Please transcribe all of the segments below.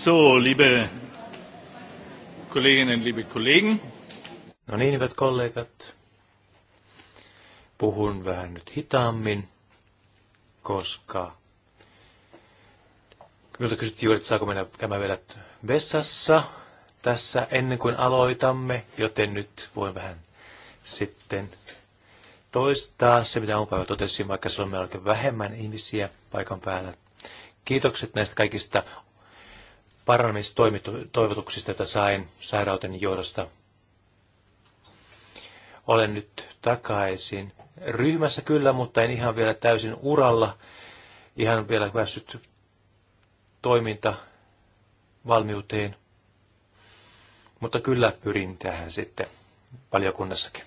So, liebe Kolleginnen, liebe Kollegen. No niin, hyvät kollegat. Puhun vähän nyt hitaammin, koska minulta kysyttiin juuri, että saako mennä käymään vielä vessassa tässä ennen kuin aloitamme, joten nyt voin vähän sitten toistaa se, mitä on päivä totesin, vaikka se on melkein vähemmän ihmisiä paikan päällä. Kiitokset näistä kaikista parannemistoivotuksista, joita sain sairauteni johdosta. Olen nyt takaisin ryhmässä kyllä, mutta en ihan vielä täysin uralla. Ihan vielä päässyt toiminta valmiuteen. Mutta kyllä pyrin tähän sitten valiokunnassakin.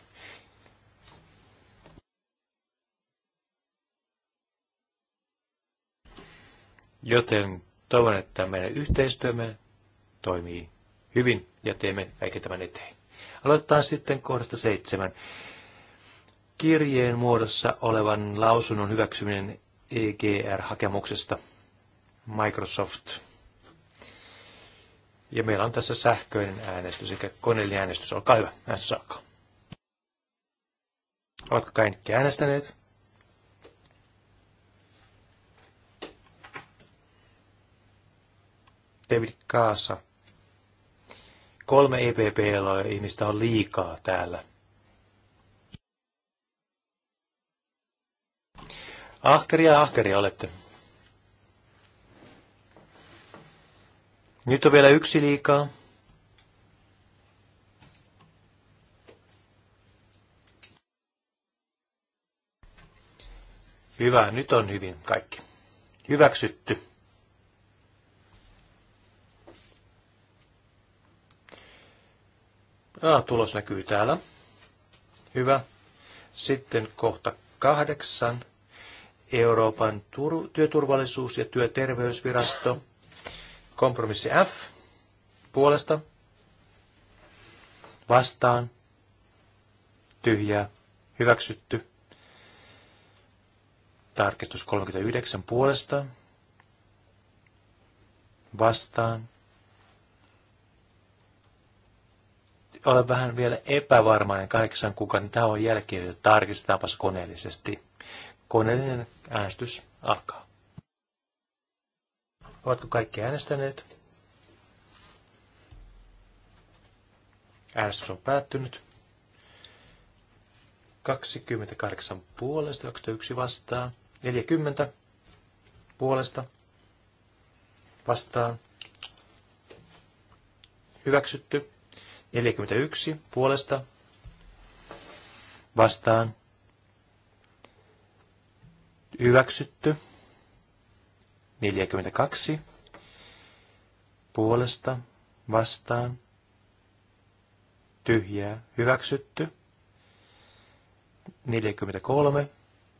Joten Toivon, että meidän yhteistyömme toimii hyvin ja teemme kaiken tämän eteen. Aloitetaan sitten kohdasta seitsemän. Kirjeen muodossa olevan lausunnon hyväksyminen EGR-hakemuksesta Microsoft. Ja meillä on tässä sähköinen äänestys, eli koneellinen äänestys. Olkaa hyvä, äänestys alkaa. Ovatko kaikki äänestäneet? David Kaassa. Kolme EPP-ihmistä on liikaa täällä. Ahkeria, ahkeria olette. Nyt on vielä yksi liikaa. Hyvä, nyt on hyvin kaikki. Hyväksytty. A, ah, tulos näkyy täällä. Hyvä. Sitten kohta kahdeksan. Euroopan työturvallisuus- ja työterveysvirasto. Kompromissi F. Puolesta. Vastaan. Tyhjää. Hyväksytty. Tarkistus 39 puolesta. Vastaan. olen vähän vielä epävarmainen kahdeksan kuukauden niin tauon jälkeen, että tarkistetaanpas koneellisesti. Koneellinen äänestys alkaa. Ovatko kaikki äänestäneet? Äänestys on päättynyt. 28 puolesta, 21 vastaan, 40 puolesta vastaan, hyväksytty. 41 puolesta vastaan hyväksytty. 42 puolesta vastaan tyhjää hyväksytty. 43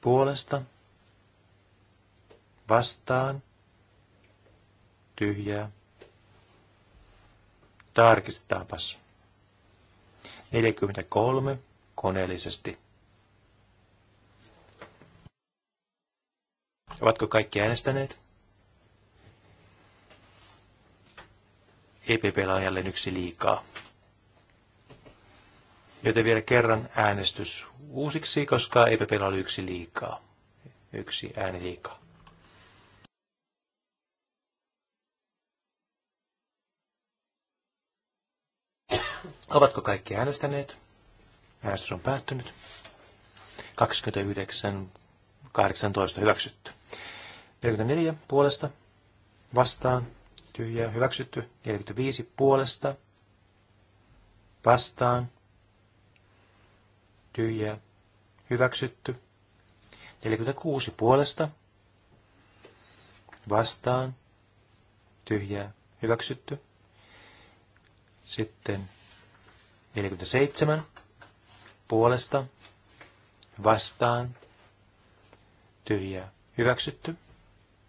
puolesta vastaan tyhjää. Tarkistetaanpas. 43 koneellisesti. Ovatko kaikki äänestäneet? ei on jälleen yksi liikaa. Joten vielä kerran äänestys uusiksi, koska ei oli yksi liikaa. Yksi ääni liikaa. Ovatko kaikki äänestäneet? Äänestys on päättynyt. 29, 18 hyväksytty. 44 puolesta vastaan tyhjää hyväksytty. 45 puolesta vastaan tyhjää hyväksytty. 46 puolesta vastaan tyhjää hyväksytty. Sitten 47 puolesta vastaan tyhjä hyväksytty.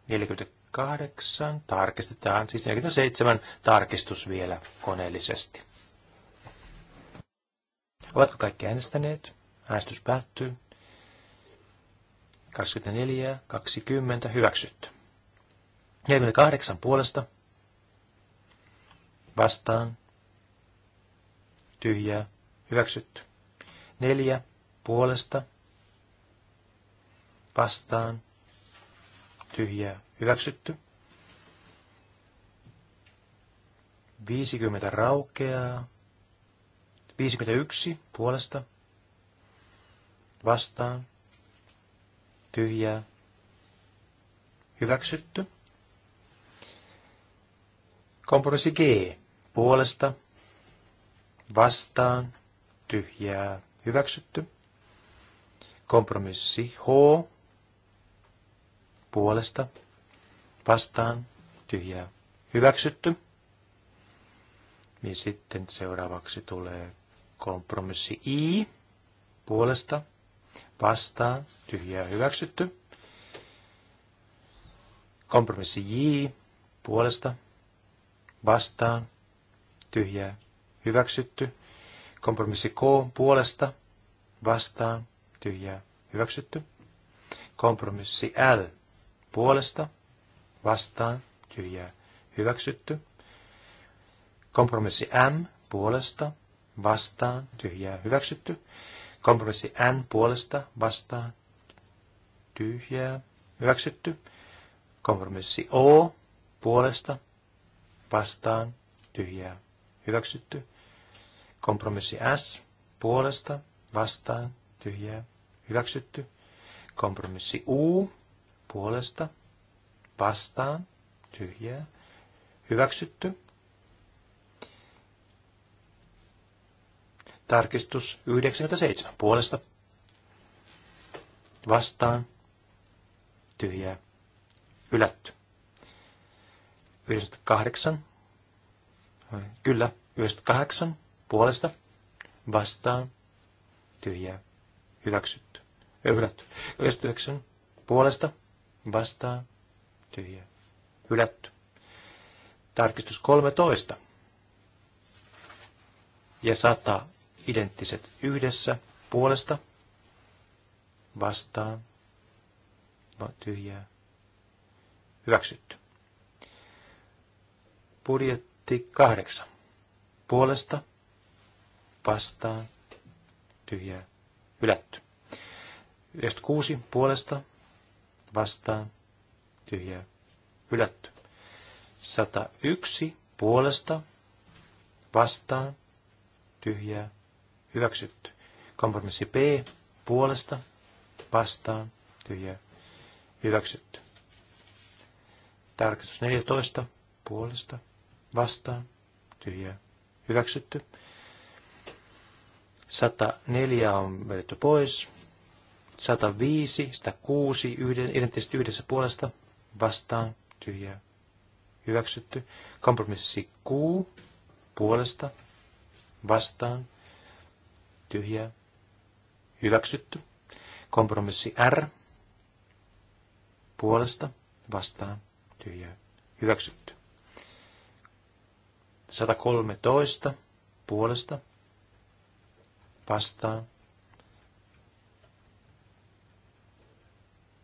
48 tarkistetaan, siis 47 tarkistus vielä koneellisesti. Ovatko kaikki äänestäneet? Äänestys päättyy. 24, 20, hyväksytty. 48 puolesta. Vastaan tyhjää, hyväksytty. Neljä puolesta, vastaan, tyhjää, hyväksytty. 50 raukeaa, 51 puolesta, vastaan, tyhjää, hyväksytty. Kompromissi G puolesta, vastaan, tyhjää, hyväksytty. Kompromissi H, puolesta, vastaan, tyhjää, hyväksytty. Ja sitten seuraavaksi tulee kompromissi I, puolesta, vastaan, tyhjää, hyväksytty. Kompromissi J, puolesta, vastaan, tyhjää, hyväksytty. Kompromissi K puolesta vastaan tyhjää hyväksytty. Kompromissi L puolesta vastaan tyhjää hyväksytty. Kompromissi M puolesta vastaan tyhjää hyväksytty. Kompromissi N puolesta vastaan tyhjää hyväksytty. Kompromissi O puolesta vastaan tyhjää hyväksytty. Kompromissi S puolesta vastaan tyhjää hyväksytty. Kompromissi U puolesta vastaan tyhjää hyväksytty. Tarkistus 97 puolesta vastaan tyhjää hylätty. 98 Kyllä, 98 puolesta vastaan tyhjää hyväksytty. Hylätty. 99 puolesta vastaan tyhjää hylätty. Tarkistus 13 ja 100 identtiset yhdessä puolesta vastaan no, tyhjää hyväksytty. Budjetti 8 puolesta vastaan, tyhjää, hylätty. 96 puolesta, vastaan, tyhjää, hylätty. 101 puolesta, vastaan, tyhjä hyväksytty. Kompromissi B puolesta, vastaan, tyhjä hyväksytty. Tarkastus 14 puolesta, vastaan, tyhjä hyväksytty. 104 on vedetty pois. 105, 106, yhden, identtisesti yhdessä puolesta vastaan, tyhjä hyväksytty. Kompromissi Q, puolesta, vastaan, tyhjä hyväksytty. Kompromissi R, puolesta, vastaan, tyhjä hyväksytty. 113, puolesta, vastaan.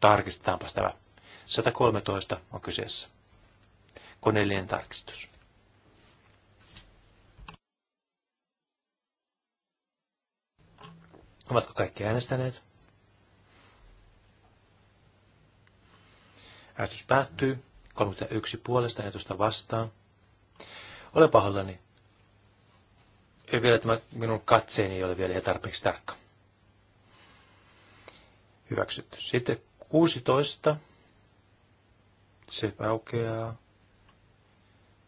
Tarkistetaanpa tämä. 113 on kyseessä. Koneellinen tarkistus. Ovatko kaikki äänestäneet? Äänestys päättyy. 31 puolesta ajatusta vastaan. Ole pahoillani ei vielä tämä minun katseeni ei ole vielä ihan tarpeeksi tarkka. Hyväksytty. Sitten 16. Se aukeaa.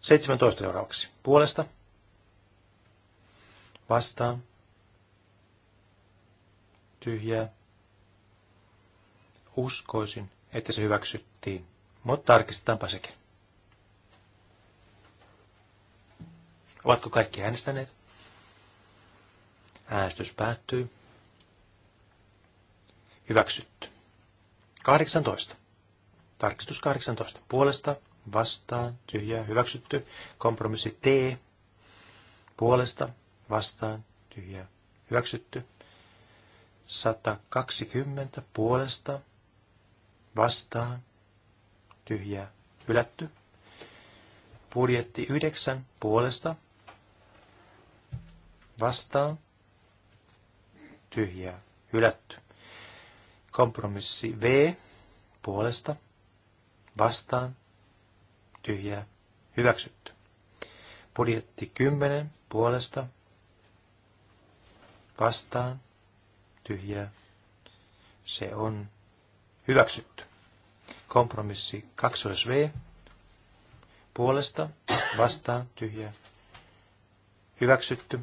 17 seuraavaksi. Puolesta. Vastaan. Tyhjää. Uskoisin, että se hyväksyttiin. Mutta tarkistetaanpa sekin. Ovatko kaikki äänestäneet? Äänestys päättyy. Hyväksytty. 18. Tarkistus 18. Puolesta, vastaan, tyhjää, hyväksytty. Kompromissi T. Puolesta, vastaan, tyhjää, hyväksytty. 120 puolesta, vastaan, tyhjää, hylätty. Budjetti 9 puolesta, vastaan, tyhjää, hylätty. Kompromissi V puolesta, vastaan, tyhjää, hyväksytty. Budjetti 10 puolesta, vastaan, tyhjää, se on hyväksytty. Kompromissi 2V puolesta, vastaan, tyhjää, hyväksytty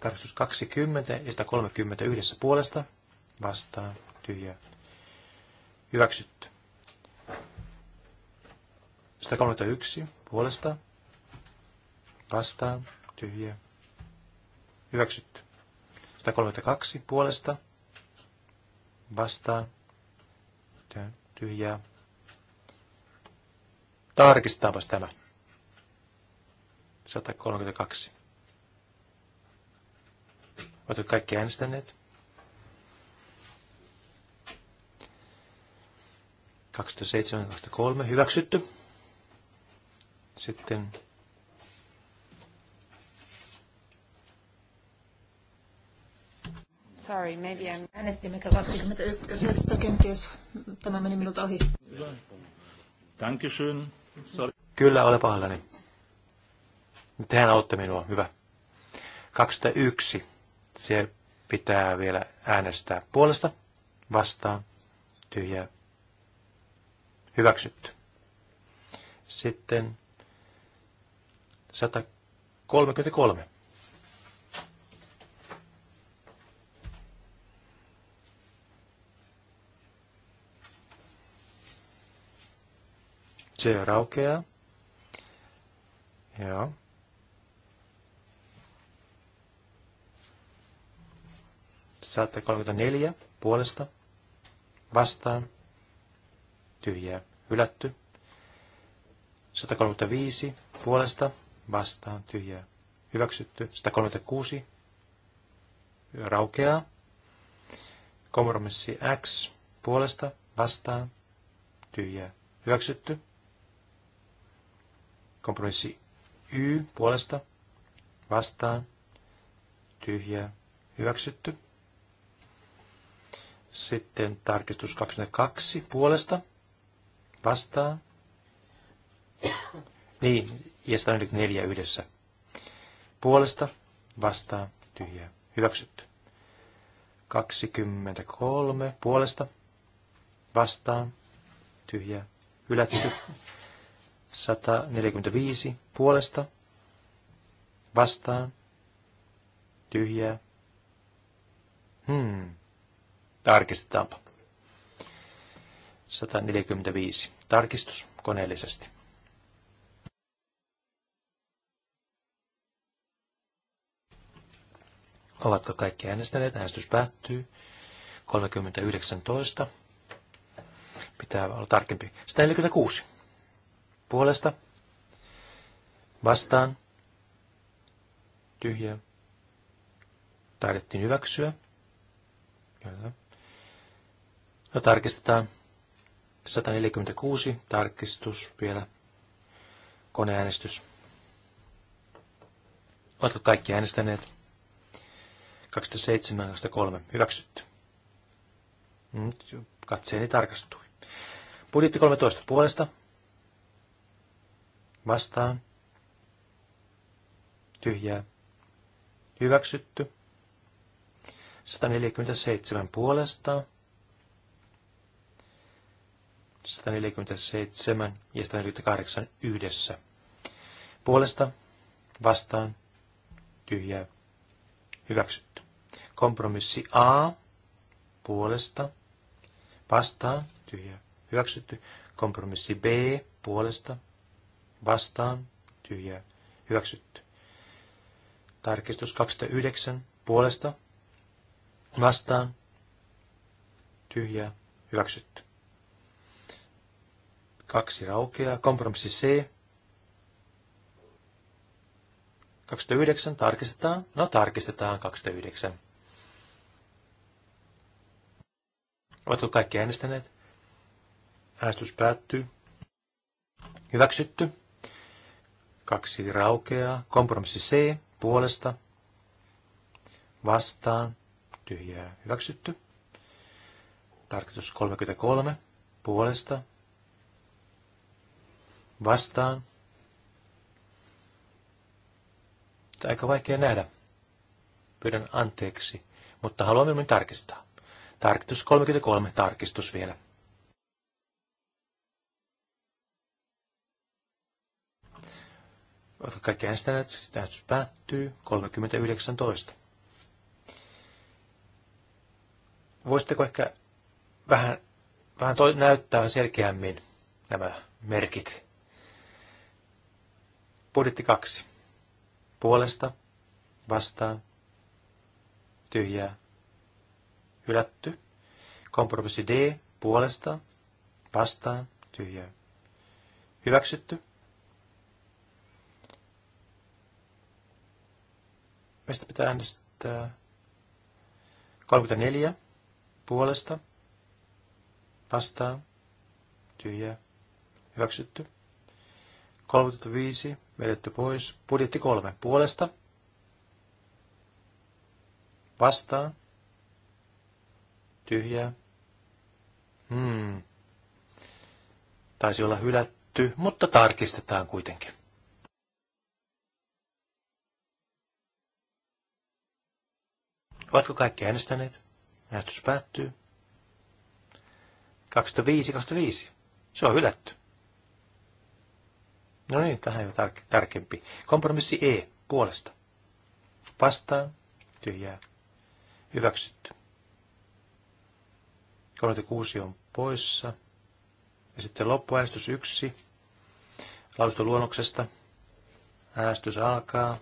tarkistus 20 ja 130 yhdessä puolesta vastaan tyhjä. hyväksytty. 131 puolesta vastaan tyhjä. hyväksytty. 132 puolesta vastaan tyhjää. Tarkistetaanpas tämä. 132. Oletko kaikki äänestäneet? 2007-2003 hyväksytty. Sitten Sorry, maybe I'm... Äänestimme 21. Kenties tämä meni minulta ohi. Dankeschön. Sorry. Kyllä, ole pahallani. Tehän autte minua. Hyvä. 201 se pitää vielä äänestää puolesta, vastaan, tyhjää, hyväksytty. Sitten 133. Se raukeaa. Joo. 134 puolesta vastaan tyhjää hylätty. 135 puolesta vastaan tyhjää hyväksytty. 136 raukeaa. Kompromissi X puolesta vastaan tyhjää hyväksytty. Kompromissi Y puolesta vastaan tyhjää hyväksytty. Sitten tarkistus 22 puolesta vastaan. Niin, ja 144 yhdessä. Puolesta vastaan tyhjä. Hyväksytty. 23 puolesta vastaan tyhjä. Hylätty. 145 puolesta vastaan tyhjä Hmm. Tarkistetaanpa. 145. Tarkistus koneellisesti. Ovatko kaikki äänestäneet? Äänestys päättyy. 3019. Pitää olla tarkempi. 146. Puolesta. Vastaan. Tyhjä. Taidettiin hyväksyä. Kyllä. No tarkistetaan. 146 tarkistus vielä. Koneäänestys. Oletko kaikki äänestäneet? 27.3. Hyväksytty. Nyt katseeni tarkastui. Budjetti 13 puolesta. Vastaan. Tyhjää. Hyväksytty. 147 puolesta 147 ja 148 yhdessä. Puolesta, vastaan, tyhjää, hyväksytty. Kompromissi A, puolesta, vastaan, tyhjää, hyväksytty. Kompromissi B, puolesta, vastaan, tyhjää, hyväksytty. Tarkistus 209, puolesta, vastaan, tyhjää, hyväksytty. Kaksi raukeaa. Kompromissi C. 29 tarkistetaan. No tarkistetaan 29. Ovatko kaikki äänestäneet? Äänestys päättyy. Hyväksytty. Kaksi raukeaa. Kompromissi C puolesta. Vastaan. Tyhjää. Hyväksytty. Tarkistus 33 puolesta vastaan. Tämä aika vaikea nähdä. Pyydän anteeksi, mutta haluan minun tarkistaa. Tarkistus 33, tarkistus vielä. Oletko kaikki äänestäneet? Täytys päättyy 3019. Voisitteko ehkä vähän, vähän näyttää selkeämmin nämä merkit? Budjetti kaksi. Puolesta, vastaan, tyhjää, hylätty. Kompromissi D, puolesta, vastaan, tyhjää, hyväksytty. Mistä pitää äänestää? 34, puolesta, vastaan, tyhjää, hyväksytty. 35 vedetty pois. Budjetti 3 puolesta. Vastaan. Tyhjää. Hmm. Taisi olla hylätty, mutta tarkistetaan kuitenkin. Ovatko kaikki äänestäneet? Äänestys päättyy. 25, 25. Se on hylätty. No niin, tähän jo tar- tarkempi. Kompromissi E puolesta. Vastaan, tyhjää, hyväksytty. 36 on poissa. Ja sitten loppuäänestys 1 laustoluonnoksesta. Äänestys alkaa.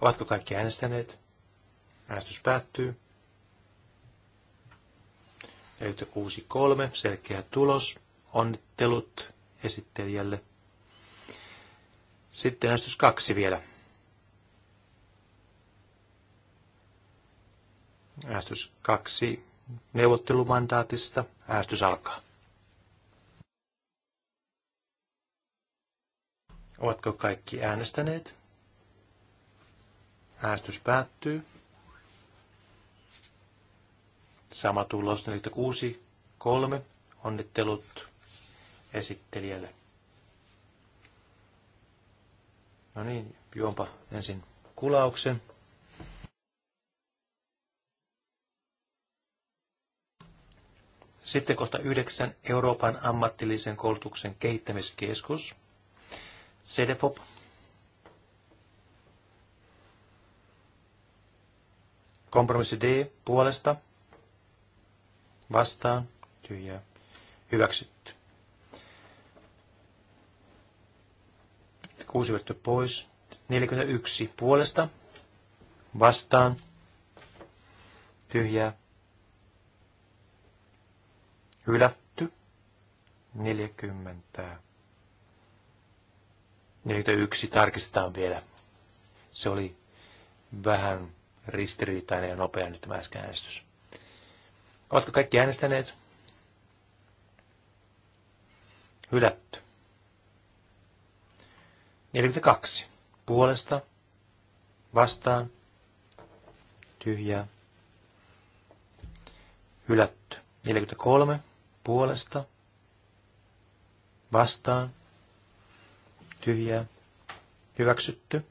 Ovatko kaikki äänestäneet? Äänestys päättyy. 46.3. Selkeä tulos. Onnittelut esittelijälle. Sitten äänestys kaksi vielä. Äänestys kaksi neuvottelumandaatista. Äänestys alkaa. Ovatko kaikki äänestäneet? Äänestys päättyy. Sama tulos 46.3. Onnittelut esittelijälle. No niin, juonpa ensin kulauksen. Sitten kohta yhdeksän Euroopan ammattillisen koulutuksen kehittämiskeskus, CDFOP. Kompromissi D puolesta, vastaan, tyhjää, hyväksytty. 6 vettä pois. 41 puolesta vastaan tyhjää hylätty 40 41 tarkistetaan vielä. Se oli vähän ristiriitainen ja nopea nyt tämä äsken äänestys. Ovatko kaikki äänestäneet? Hylätty. 42. Puolesta, vastaan, tyhjää, hylätty. 43. Puolesta, vastaan, tyhjää, hyväksytty.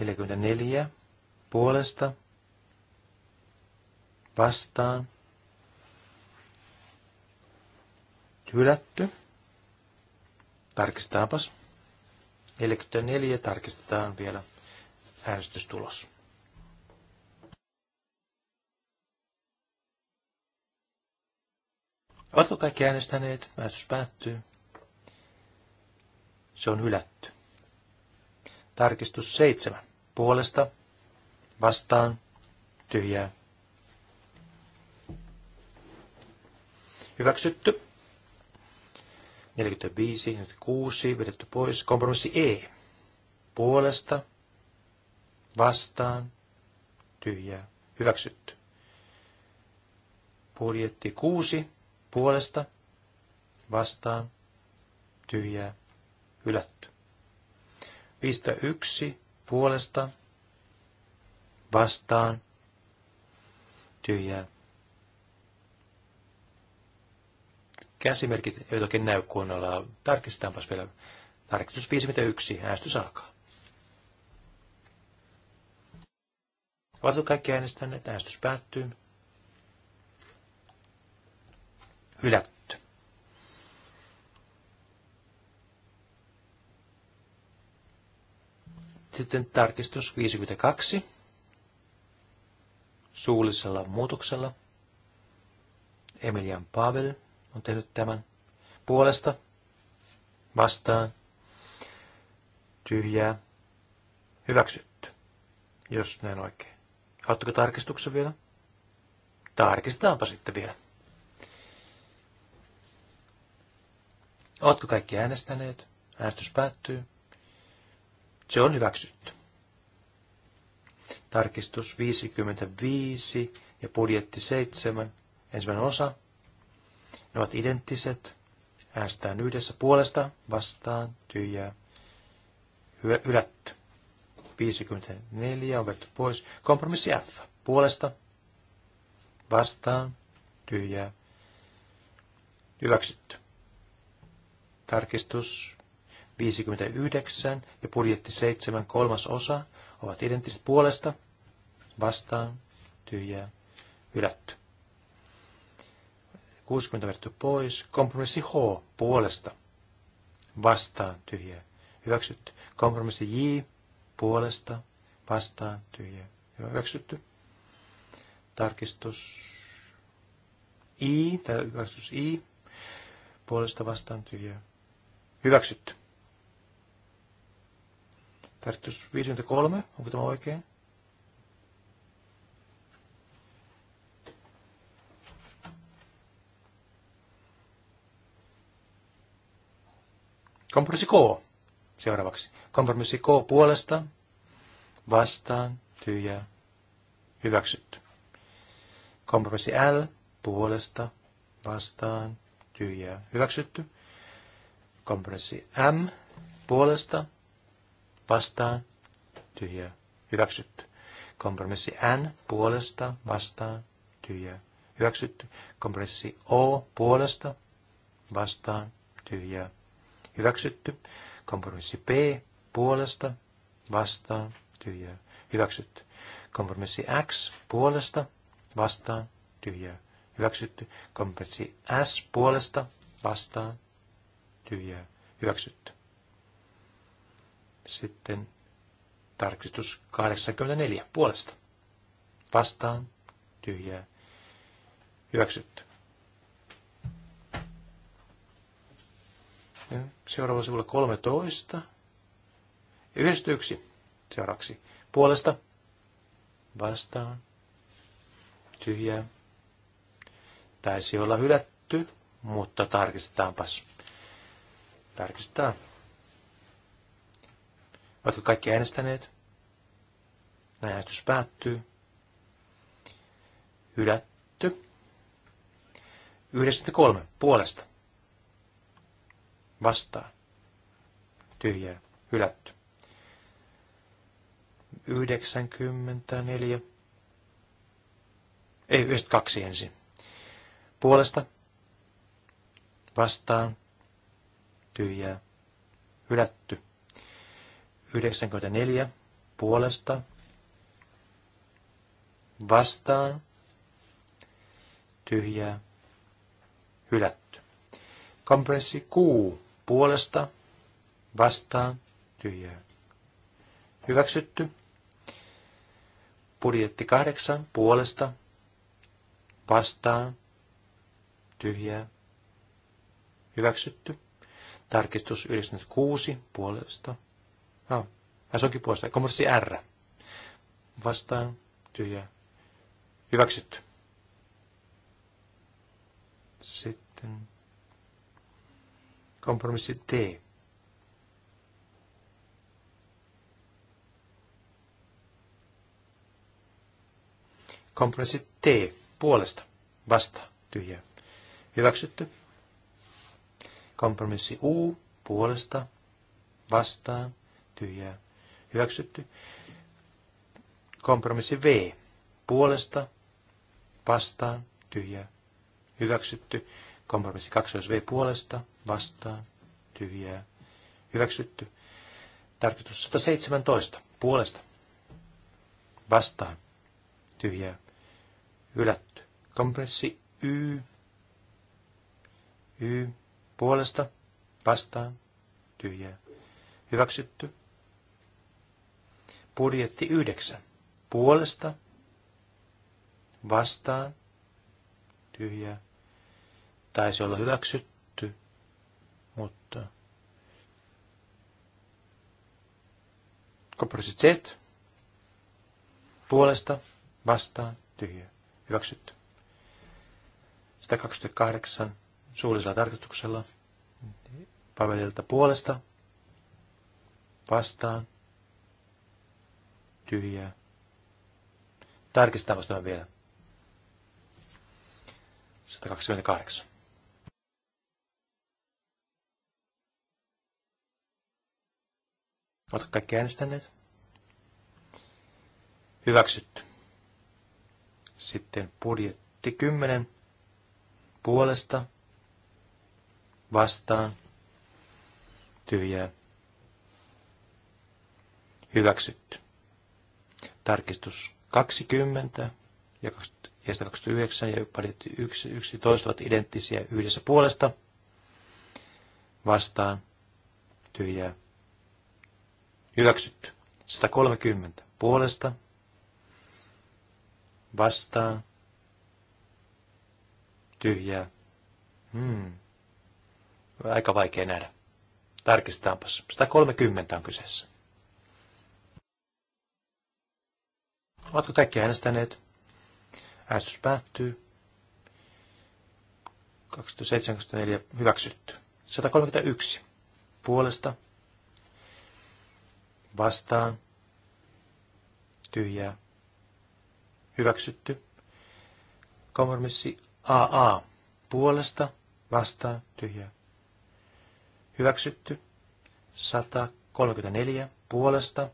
44. Puolesta, vastaan, hylätty. Tarkistaapas. 44 tarkistetaan vielä äänestystulos. Ovatko kaikki äänestäneet? Äänestys päättyy. Se on hylätty. Tarkistus 7. Puolesta, vastaan, tyhjää. Hyväksytty. 45, 46, vedetty pois. Kompromissi E. Puolesta, vastaan, tyhjää, hyväksytty. Budjetti 6, puolesta, vastaan, tyhjää, hylätty. 51, puolesta, vastaan, tyhjää, Käsimerkit eivät oikein näy kunnolla. Tarkistetaanpas vielä. Tarkistus 51. Äänestys alkaa. Ovatko kaikki äänestäneet? Äänestys päättyy. Hylätty. Sitten tarkistus 52 suullisella muutoksella. Emilian Pavel on tehnyt tämän puolesta, vastaan, tyhjää, hyväksytty, jos näin oikein. Haluatteko tarkistuksen vielä? Tarkistetaanpa sitten vielä. Oletko kaikki äänestäneet? Äänestys päättyy. Se on hyväksytty. Tarkistus 55 ja budjetti 7, ensimmäinen osa ne ovat identtiset. Äänestetään yhdessä puolesta, vastaan, tyhjää, hylätty. 54 on vedetty pois. Kompromissi F. Puolesta, vastaan, tyhjää, hyväksytty. Tarkistus 59 ja budjetti 7 kolmas osa ovat identtiset puolesta, vastaan, tyhjää, hylätty. 60 vedetty pois. Kompromissi H puolesta vastaan tyhjä hyväksytty. Kompromissi J puolesta vastaan tyhjä hyväksytty. Tarkistus I, tai tarkistus I puolesta vastaan tyhjä hyväksytty. Tarkistus 53, onko tämä oikein? Kompromissi K seuraavaksi. Kompromissi K puolesta, vastaan, tyhjää, hyväksytty. Kompromissi L puolesta, vastaan, tyhjää, hyväksytty. Kompromissi M puolesta, vastaan, tyhjää, hyväksytty. Kompromissi N puolesta, vastaan, tyhjää, hyväksytty. Kompromissi O puolesta, vastaan, tyhjää, hyväksytty. Kompromissi P puolesta vastaan tyhjää hyväksytty. Kompromissi X puolesta vastaan tyhjää hyväksytty. Kompromissi S puolesta vastaan tyhjää hyväksytty. Sitten tarkistus 84 puolesta vastaan tyhjää hyväksytty. Sitten seuraavalla sivulla 13. Ja 91 seuraavaksi. Puolesta vastaan. Tyhjää. Taisi olla hylätty, mutta tarkistetaanpas. Tarkistetaan. Ovatko kaikki äänestäneet? Näin äänestys päättyy. Hylätty. 93 puolesta vastaan, tyhjää, hylätty. 94, ei 92 ensin, puolesta, vastaan, tyhjää, hylätty. 94, puolesta, vastaan, tyhjää, hylätty. Kompressi kuu puolesta, vastaan, tyhjää. Hyväksytty. Budjetti kahdeksan, puolesta, vastaan, tyhjää. Hyväksytty. Tarkistus 96, puolesta. No, se onkin puolesta. Komurssi R. Vastaan, tyhjää. Hyväksytty. Sitten Kompromissi T, Kompromissi T. Puolesta. Vasta. Tyhjä. Hyväksytty. Kompromissi U. Puolesta. Vastaan. tyhjä. Hyväksytty. Kompromissi V. Puolesta. Vastaan. tyhjä. Hyväksytty. Kompromissi 2 V puolesta vastaan tyhjää hyväksytty. Tarkoitus 117 puolesta vastaan tyhjää hylätty. Kompressi Y, Y puolesta vastaan tyhjää hyväksytty. Budjetti 9 puolesta vastaan tyhjää taisi olla hyväksytty, mutta kompromissi puolesta vastaan tyhjä hyväksytty. 128 suullisella tarkoituksella Pavelilta puolesta vastaan tyhjää. Tarkistetaan tämä vielä. 128. Oletko kaikki äänestäneet? Hyväksytty. Sitten budjetti 10 puolesta vastaan tyhjää. Hyväksytty. Tarkistus 20 ja 29 ja budjetti 11 ovat identtisiä yhdessä puolesta vastaan tyhjää Hyväksytty. 130 puolesta. Vastaan. Tyhjää. Hmm. Aika vaikea nähdä. Tarkistetaanpas. 130 on kyseessä. Ovatko kaikki äänestäneet? Äänestys päättyy. 27.4. hyväksytty. 131 puolesta vastaan, tyhjää, hyväksytty. Kompromissi AA, puolesta, vastaan, tyhjää, hyväksytty. 134, puolesta,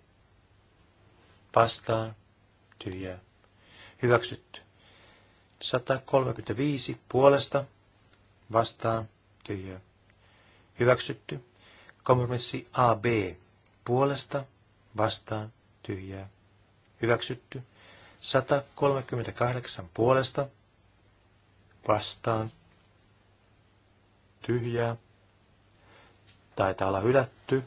vastaan, tyhjää, hyväksytty. 135, puolesta, vastaan, tyhjää, hyväksytty. Kompromissi AB, puolesta vastaan tyhjää hyväksytty. 138 puolesta vastaan tyhjää. Taitaa olla hylätty.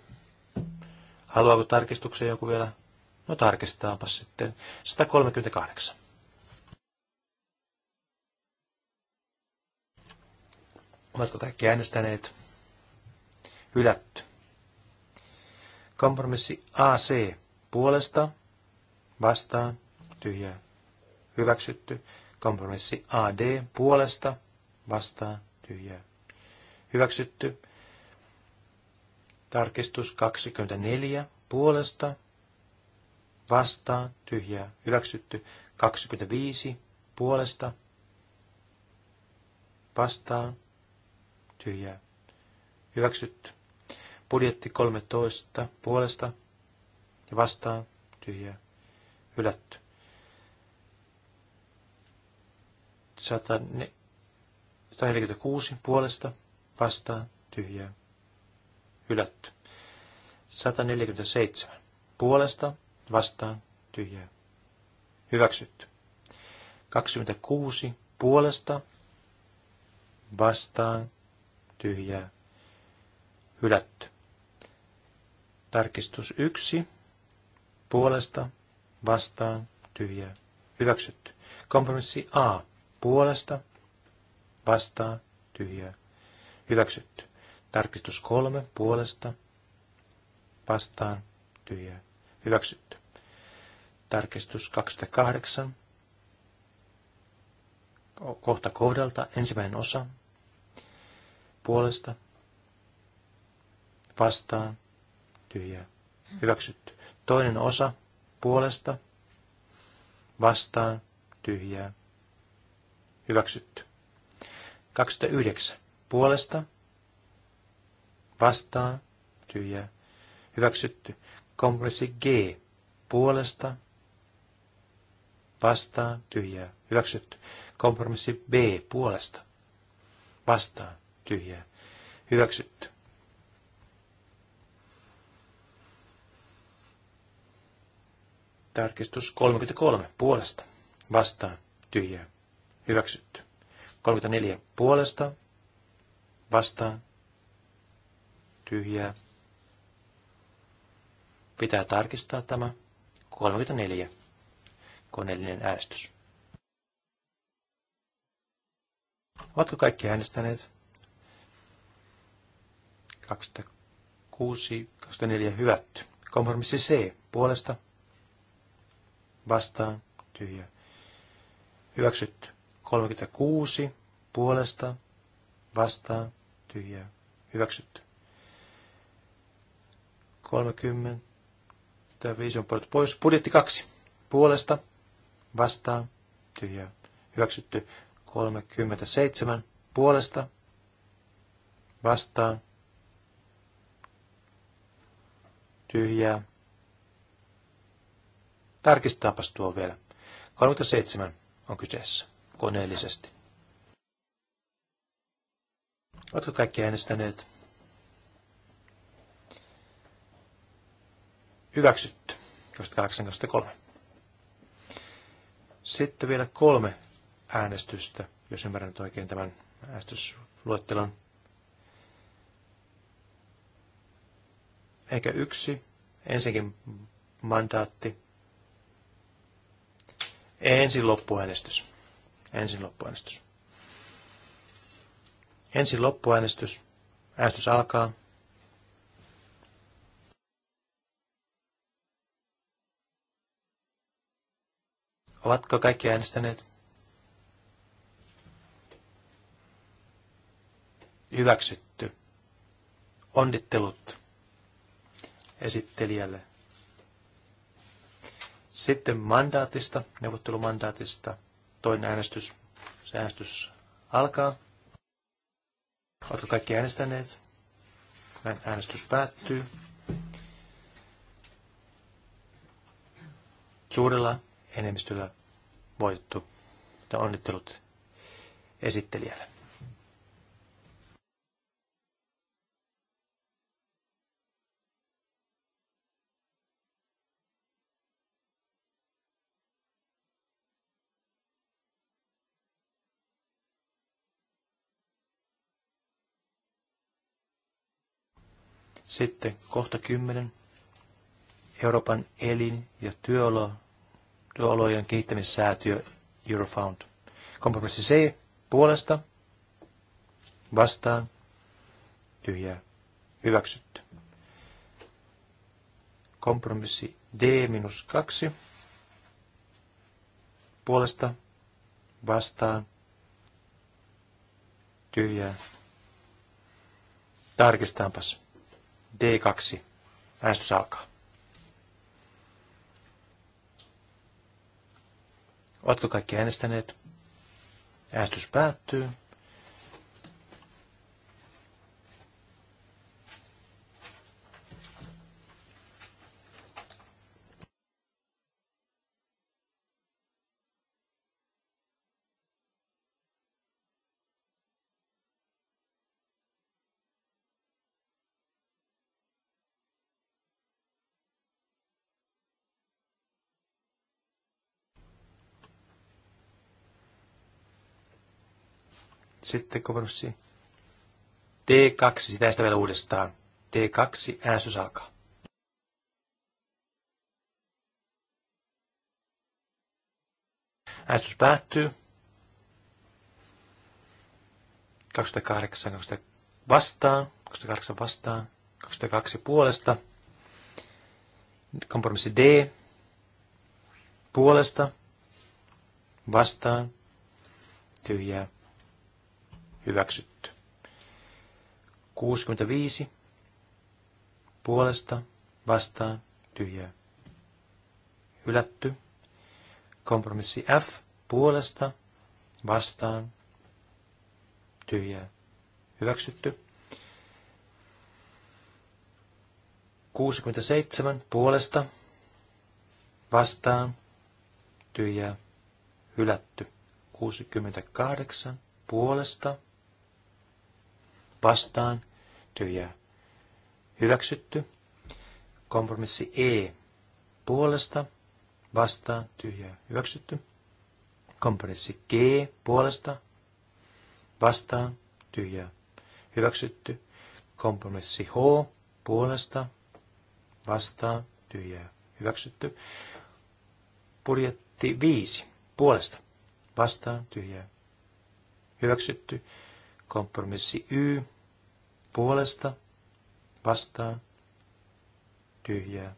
Haluaako tarkistuksen joku vielä? No tarkistetaanpa sitten. 138. Ovatko kaikki äänestäneet? Hylätty. Kompromissi AC puolesta, vastaan, tyhjä hyväksytty. Kompromissi AD puolesta, vastaan, tyhjä hyväksytty. Tarkistus 24 puolesta, vastaan, tyhjä hyväksytty. 25 puolesta, vastaan, tyhjä hyväksytty. Budjetti 13 puolesta ja vastaan tyhjää hylätty. 146 puolesta vastaan tyhjää hylätty. 147 puolesta vastaan tyhjää hyväksytty. 26 puolesta vastaan tyhjää hylätty. Tarkistus 1. Puolesta, vastaan, tyhjä hyväksytty. Kompromissi A. Puolesta, vastaan, tyhjä hyväksytty. Tarkistus 3. Puolesta, vastaan, tyhjä hyväksytty. Tarkistus 28. Kohta kohdalta ensimmäinen osa. Puolesta, vastaan, tyhjää hyväksytty. Toinen osa puolesta vastaan tyhjää hyväksytty. 29. puolesta vastaan tyhjää hyväksytty. Kompromissi G puolesta vastaan tyhjää hyväksytty. Kompromissi B puolesta vastaan tyhjää hyväksytty. Tarkistus 33 puolesta vastaan tyhjää hyväksytty. 34 puolesta vastaan tyhjää. Pitää tarkistaa tämä 34 koneellinen äänestys. Ovatko kaikki äänestäneet? 26, 24 hyvätty. Kompromissi C puolesta vastaan, tyhjä. Hyväksytty. 36 puolesta, vastaan, tyhjä. Hyväksytty. 30, tämä viisi on puolet pois. Budjetti 2 puolesta, vastaan, tyhjä. Hyväksytty. 37 puolesta, vastaan, tyhjää. Tarkistetaanpas tuo vielä. 37 on kyseessä koneellisesti. Oletko kaikki äänestäneet? Hyväksytty. 28.3. Sitten vielä kolme äänestystä, jos ymmärrän nyt oikein tämän äänestysluettelon. Eikä yksi. Ensinnäkin mandaatti Ensin loppuäänestys. Ensin loppuäänestys. Ensin loppuäänestys. Äänestys alkaa. Ovatko kaikki äänestäneet? Hyväksytty. Onnittelut esittelijälle. Sitten mandaatista, neuvottelumandaatista, toinen äänestys, se äänestys alkaa. Oletko kaikki äänestäneet? Näin äänestys päättyy. Suurella enemmistöllä voitettu. onnittelut esittelijälle. Sitten kohta kymmenen Euroopan elin- ja työolo, työolojen kehittämissäätiö Eurofound. Kompromissi C puolesta vastaan tyhjää hyväksytty. Kompromissi D-2 puolesta vastaan tyhjää. Tarkistaanpas. D2. Äänestys alkaa. Oletko kaikki äänestäneet? Äänestys päättyy. Sitten kompromissi t 2 sitä sitä vielä uudestaan. t 2 äänestys alkaa. Äänestys päättyy. 28, 28 vastaan, 28 vastaan, 22 puolesta. Kompromissi D puolesta vastaan tyhjää hyväksytty. 65 puolesta vastaan tyhjää hylätty. Kompromissi F puolesta vastaan tyhjää hyväksytty. 67 puolesta vastaan tyhjää hylätty. 68 puolesta vastaan, tyhjää hyväksytty. Kompromissi E puolesta, vastaan, tyhjää hyväksytty. Kompromissi G puolesta, vastaan, tyhjää hyväksytty. Kompromissi H puolesta, vastaan, tyhjää hyväksytty. Budjetti 5 puolesta, vastaan, tyhjää hyväksytty. Kompromissi Y puolesta vastaan tyhjää.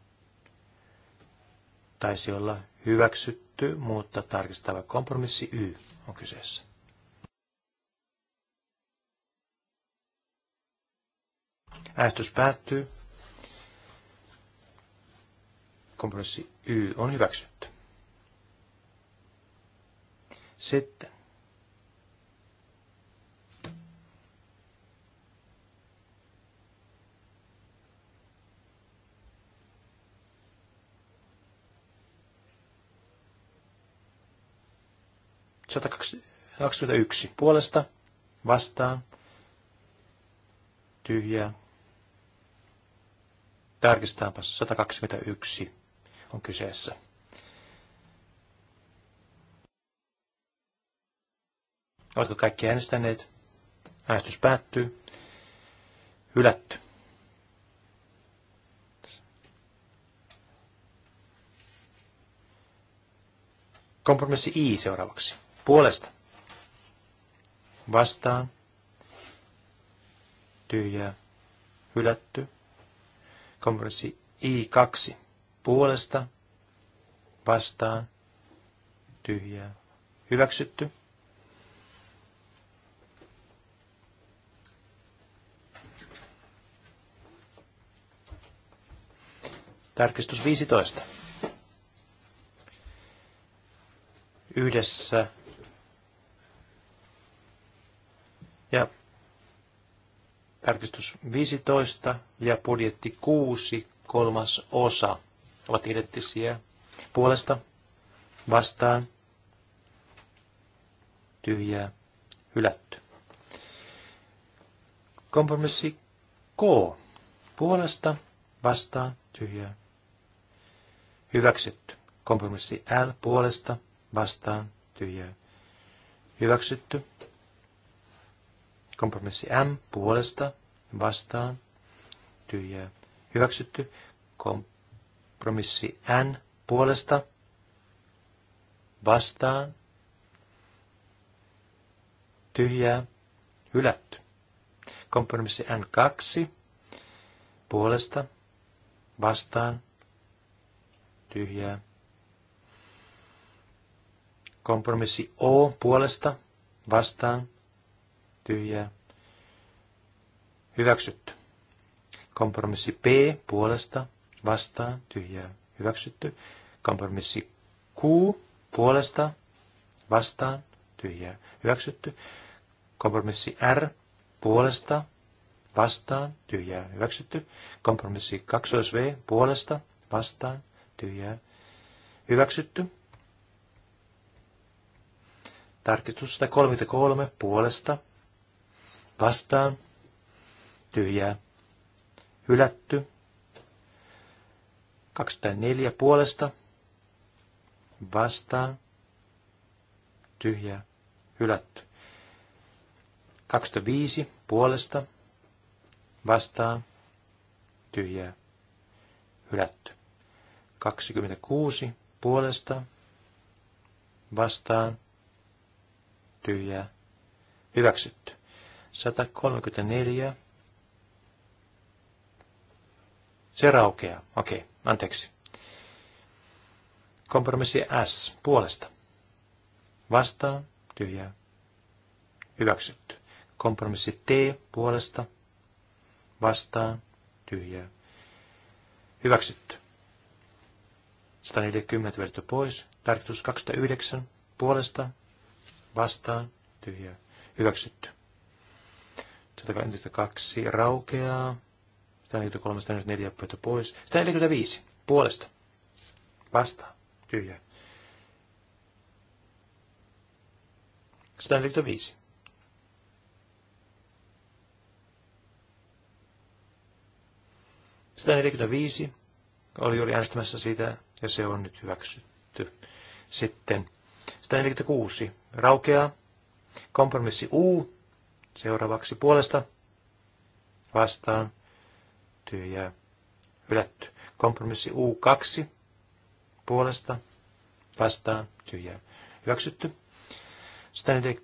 Taisi olla hyväksytty, mutta tarkistava kompromissi Y on kyseessä. Äänestys päättyy. Kompromissi Y on hyväksytty. Sitten 121 puolesta vastaan tyhjää. Tarkistaanpa, 121 on kyseessä. Oletko kaikki äänestäneet? Äänestys päättyy. Hylätty. Kompromissi I seuraavaksi. Puolesta. Vastaan. Tyhjää. Hylätty. Kompromissi I2. Puolesta. Vastaan. Tyhjää. Hyväksytty. Tarkistus 15. Yhdessä Ja tarkistus 15 ja budjetti 6 kolmas osa ovat identtisiä puolesta vastaan tyhjää hylätty. Kompromissi K puolesta vastaan tyhjää hyväksytty. Kompromissi L puolesta vastaan tyhjää hyväksytty. Kompromissi M puolesta vastaan tyhjää hyväksytty. Kompromissi N puolesta vastaan tyhjää hylätty. Kompromissi N2 puolesta vastaan tyhjää. Kompromissi O puolesta vastaan tyhjää, hyväksytty. Kompromissi P puolesta, vastaan, tyhjää, hyväksytty. Kompromissi Q puolesta, vastaan, tyhjää, hyväksytty. Kompromissi R puolesta, vastaan, tyhjää, hyväksytty. Kompromissi 2V puolesta, vastaan, tyhjää, hyväksytty. Tarkistus 133 puolesta, vastaan, tyhjää, hylätty. 24 puolesta, vastaan, tyhjää, hylätty. 25 puolesta, vastaan, tyhjää, hylätty. 26 puolesta, vastaan, tyhjää, hyväksytty. 134. Se raukeaa. Okei, okay. anteeksi. Kompromissi S puolesta. Vastaan, tyhjää. Hyväksytty. Kompromissi T puolesta. Vastaan, tyhjää. Hyväksytty. 140 vedetty pois. Tarkoitus 209 puolesta. Vastaan, tyhjää. Hyväksytty. 142 raukeaa. 143, 144 pöytä pois. 145 puolesta. Vastaa, Tyhjä. 145. Sitä 45 oli juuri äänestämässä sitä, ja se on nyt hyväksytty. Sitten 146 raukeaa. Kompromissi U Seuraavaksi puolesta vastaan tyhjää hylätty. Kompromissi U2 puolesta vastaan tyhjää hyväksytty. Standard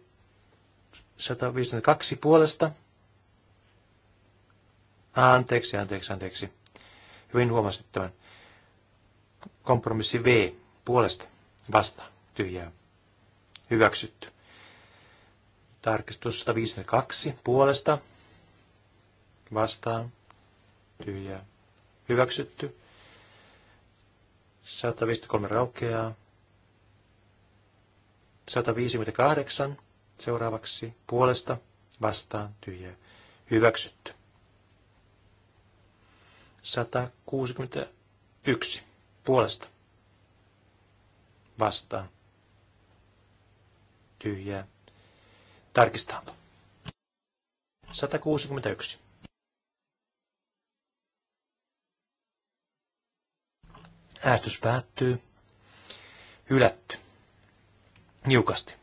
152 puolesta. Anteeksi, anteeksi, anteeksi. Hyvin huomasit tämän. Kompromissi V puolesta vastaan tyhjää hyväksytty. Tarkistus 152 puolesta vastaan tyhjää hyväksytty. 153 raukeaa. 158 seuraavaksi puolesta vastaan tyhjää hyväksytty. 161 puolesta vastaan tyhjää Tarkistetaanpa. 161. Äästys päättyy. Hylätty. Niukasti.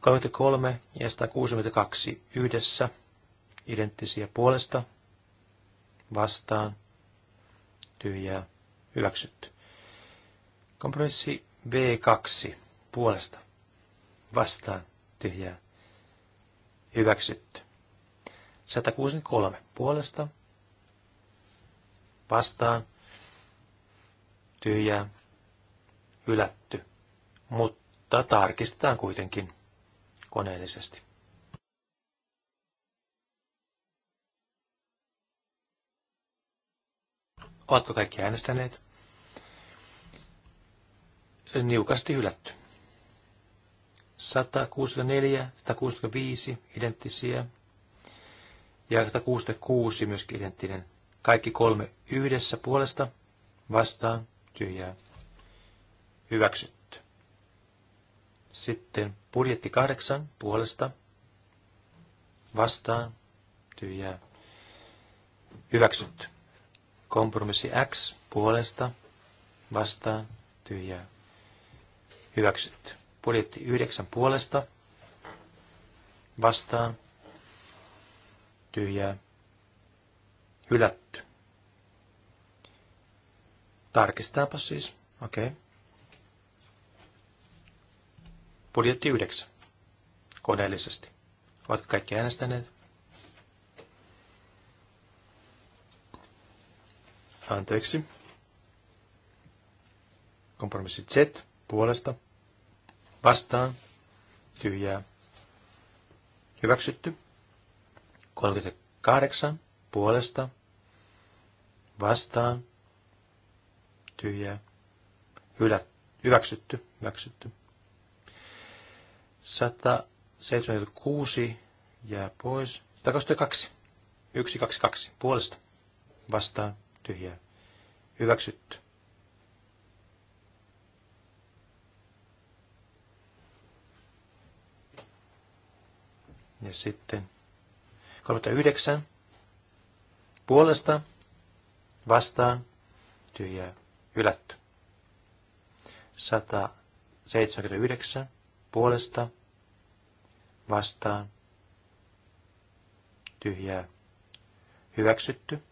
33 ja 162 yhdessä. Identtisiä puolesta. Vastaan. Tyhjää. Hyväksytty. Kompromissi V2 puolesta vastaan tyhjää hyväksytty. 163 puolesta vastaan tyhjää hylätty, mutta tarkistetaan kuitenkin koneellisesti. Ovatko kaikki äänestäneet? Niukasti hylätty. 164, 165 identtisiä ja 166 myöskin identtinen. Kaikki kolme yhdessä puolesta vastaan tyhjää hyväksytty. Sitten budjetti kahdeksan puolesta vastaan tyhjää hyväksytty. Kompromissi X puolesta vastaan tyhjää hyväksytty. Budjetti yhdeksän puolesta. Vastaan. Tyhjää. Hylätty. Tarkistetaanpa siis. Okei. Okay. Budjetti yhdeksän. Koneellisesti. Ovatko kaikki äänestäneet? Anteeksi. Kompromissi Z puolesta vastaan, tyhjää, hyväksytty. 38 puolesta, vastaan, tyhjää, hylä, hyväksytty, hyväksytty. 176 jää pois. 122. 122 puolesta vastaan tyhjää. Hyväksytty. Ja sitten 39 puolesta vastaan tyhjä hylätty. 179 puolesta vastaan tyhjä hyväksytty.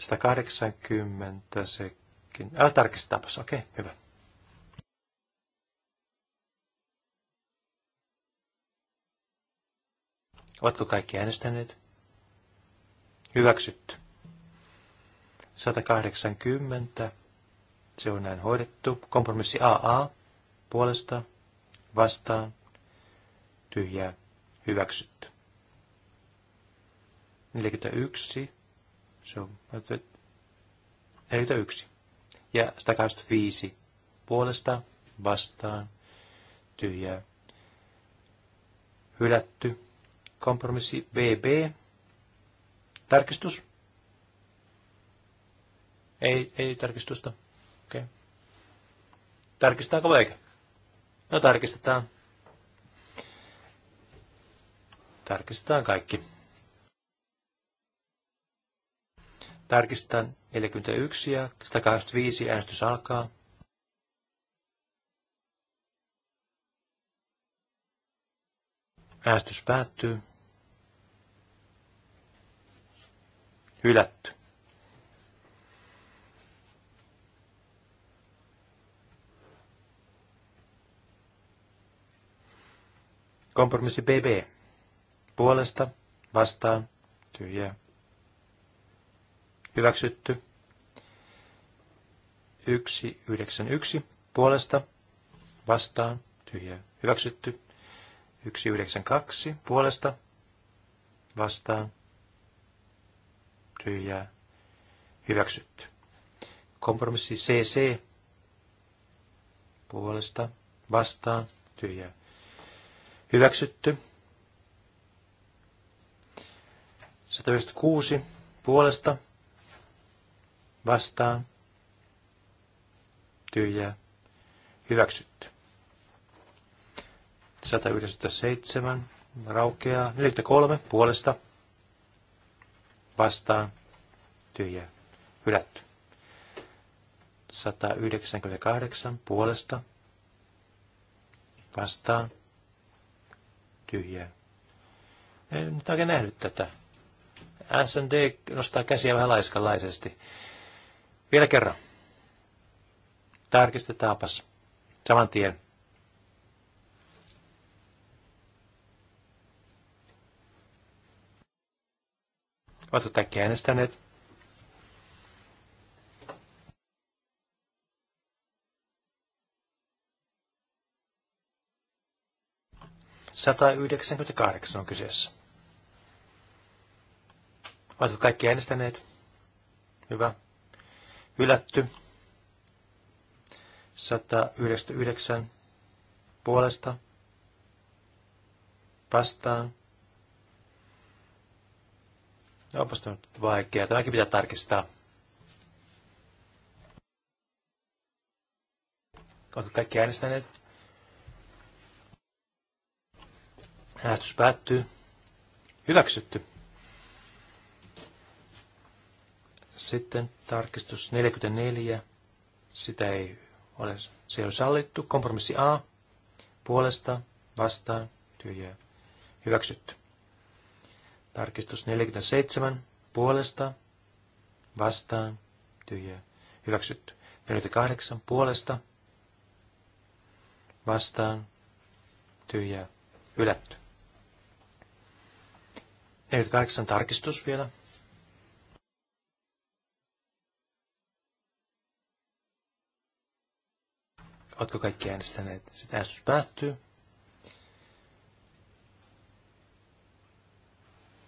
180 sekin. Älä tarkistetaanpas, okei, okay, hyvä. Ovatko kaikki äänestäneet? Hyväksytty. 180. Se on näin hoidettu. Kompromissi AA puolesta vastaan tyhjää hyväksytty. 41. Se on 41. Ja 185 puolesta vastaan tyhjää hylätty. Kompromissi BB. Tarkistus. Ei, ei tarkistusta. Okei. Okay. Tarkistetaanko vai eikä? No tarkistetaan. Tarkistetaan kaikki. Tarkistetaan 41 ja 185 äänestys alkaa. Äänestys päättyy. Hylätty. Kompromissi BB. Puolesta, vastaan, tyhjää. Hyväksytty. 191. Puolesta, vastaan, tyhjää. Hyväksytty. 192 puolesta vastaan tyhjää hyväksytty. Kompromissi CC puolesta vastaan tyhjää hyväksytty. 196 puolesta vastaan tyhjää hyväksytty. 197 raukeaa. 43 puolesta vastaan tyhjä hylätty. 198 puolesta vastaan tyhjä. En nyt oikein nähnyt tätä. SND nostaa käsiä vähän laiskanlaisesti. Vielä kerran. Tarkistetaanpas saman tien. Oletko kaikki äänestäneet? Sata yhdeksänkymmentäkahdeksan on kyseessä. Oletko kaikki äänestäneet? Hyvä. Hylätty. 199 puolesta vastaan Onpas tämä nyt vaikeaa. Tämäkin pitää tarkistaa. Oletko kaikki äänestäneet? Äänestys päättyy. Hyväksytty. Sitten tarkistus 44. Sitä ei ole, se ei ole sallittu. Kompromissi A. Puolesta, vastaan, tyhjää. Hyväksytty. Tarkistus 47 puolesta vastaan tyhjää hyväksytty. 48 puolesta vastaan tyhjää hylätty. 48 tarkistus vielä. Oletko kaikki äänestäneet? Sitten äänestys päättyy.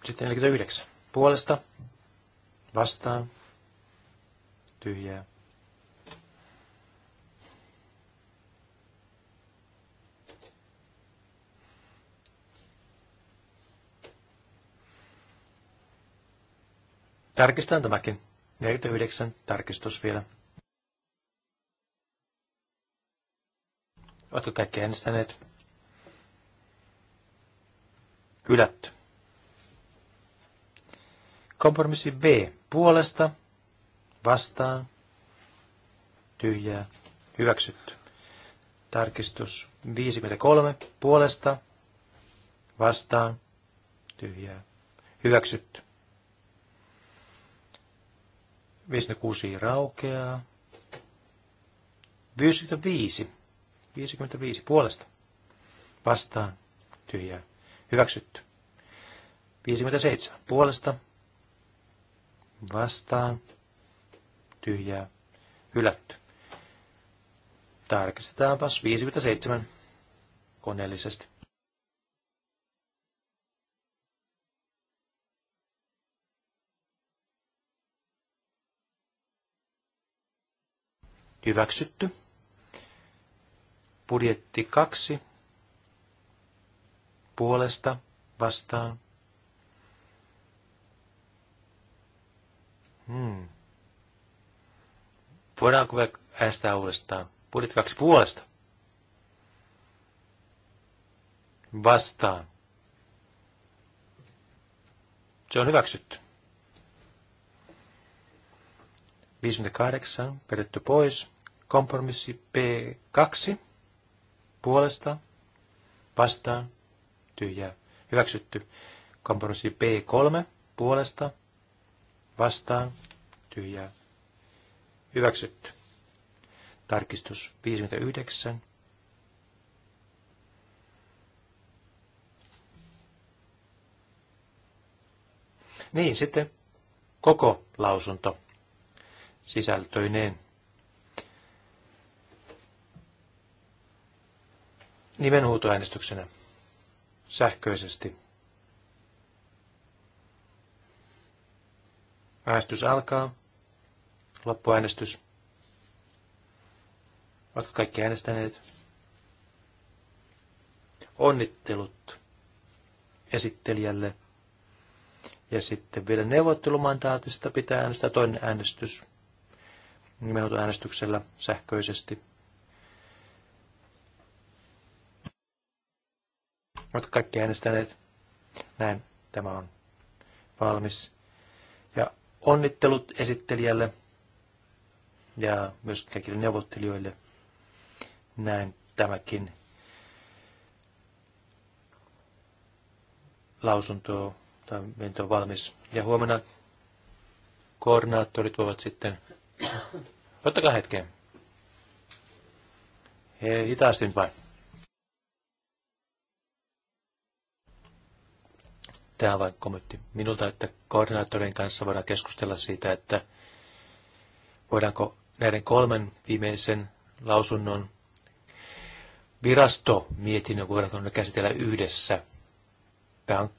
Sitten 49. Puolesta. Vastaan. Tyhjää. Tarkistetaan tämäkin. 49. Tarkistus vielä. Oletko kaikki äänestäneet? Hylätty. Kompromissi B puolesta, vastaan, tyhjää, hyväksytty. Tarkistus 53 puolesta, vastaan, tyhjää, hyväksytty. 56 raukeaa. 55. 55 puolesta. Vastaan. Tyhjää. Hyväksytty. 57 puolesta vastaan, tyhjää, hylätty. Tarkistetaanpas 57 koneellisesti. Hyväksytty. Budjetti kaksi Puolesta vastaan Hmm. Voidaanko me äänestää uudestaan? Budjetti kaksi puolesta. Vastaan. Se on hyväksytty. 58, vedetty pois. Kompromissi P2, puolesta, vastaan, tyhjää, hyväksytty. Kompromissi P3, puolesta, vastaan, tyhjää, hyväksytty. Tarkistus 59. Niin, sitten koko lausunto sisältöineen. Nimenhuutoäänestyksenä sähköisesti Äänestys alkaa. Loppuäänestys. Oletko kaikki äänestäneet? Onnittelut esittelijälle. Ja sitten vielä neuvottelumandaatista pitää äänestää toinen äänestys äänestyksellä sähköisesti. Oletko kaikki äänestäneet? Näin tämä on valmis. Ja Onnittelut esittelijälle ja myös kaikille neuvottelijoille. Näin tämäkin lausunto tai mietintö on valmis. Ja huomenna koordinaattorit voivat sitten, ottakaa hetken, He, hitaasti vain. Tähän vain kommentti minulta, että koordinaattorin kanssa voidaan keskustella siitä, että voidaanko näiden kolmen viimeisen lausunnon virastomietinnön voidaanko ne käsitellä yhdessä. Tämä on,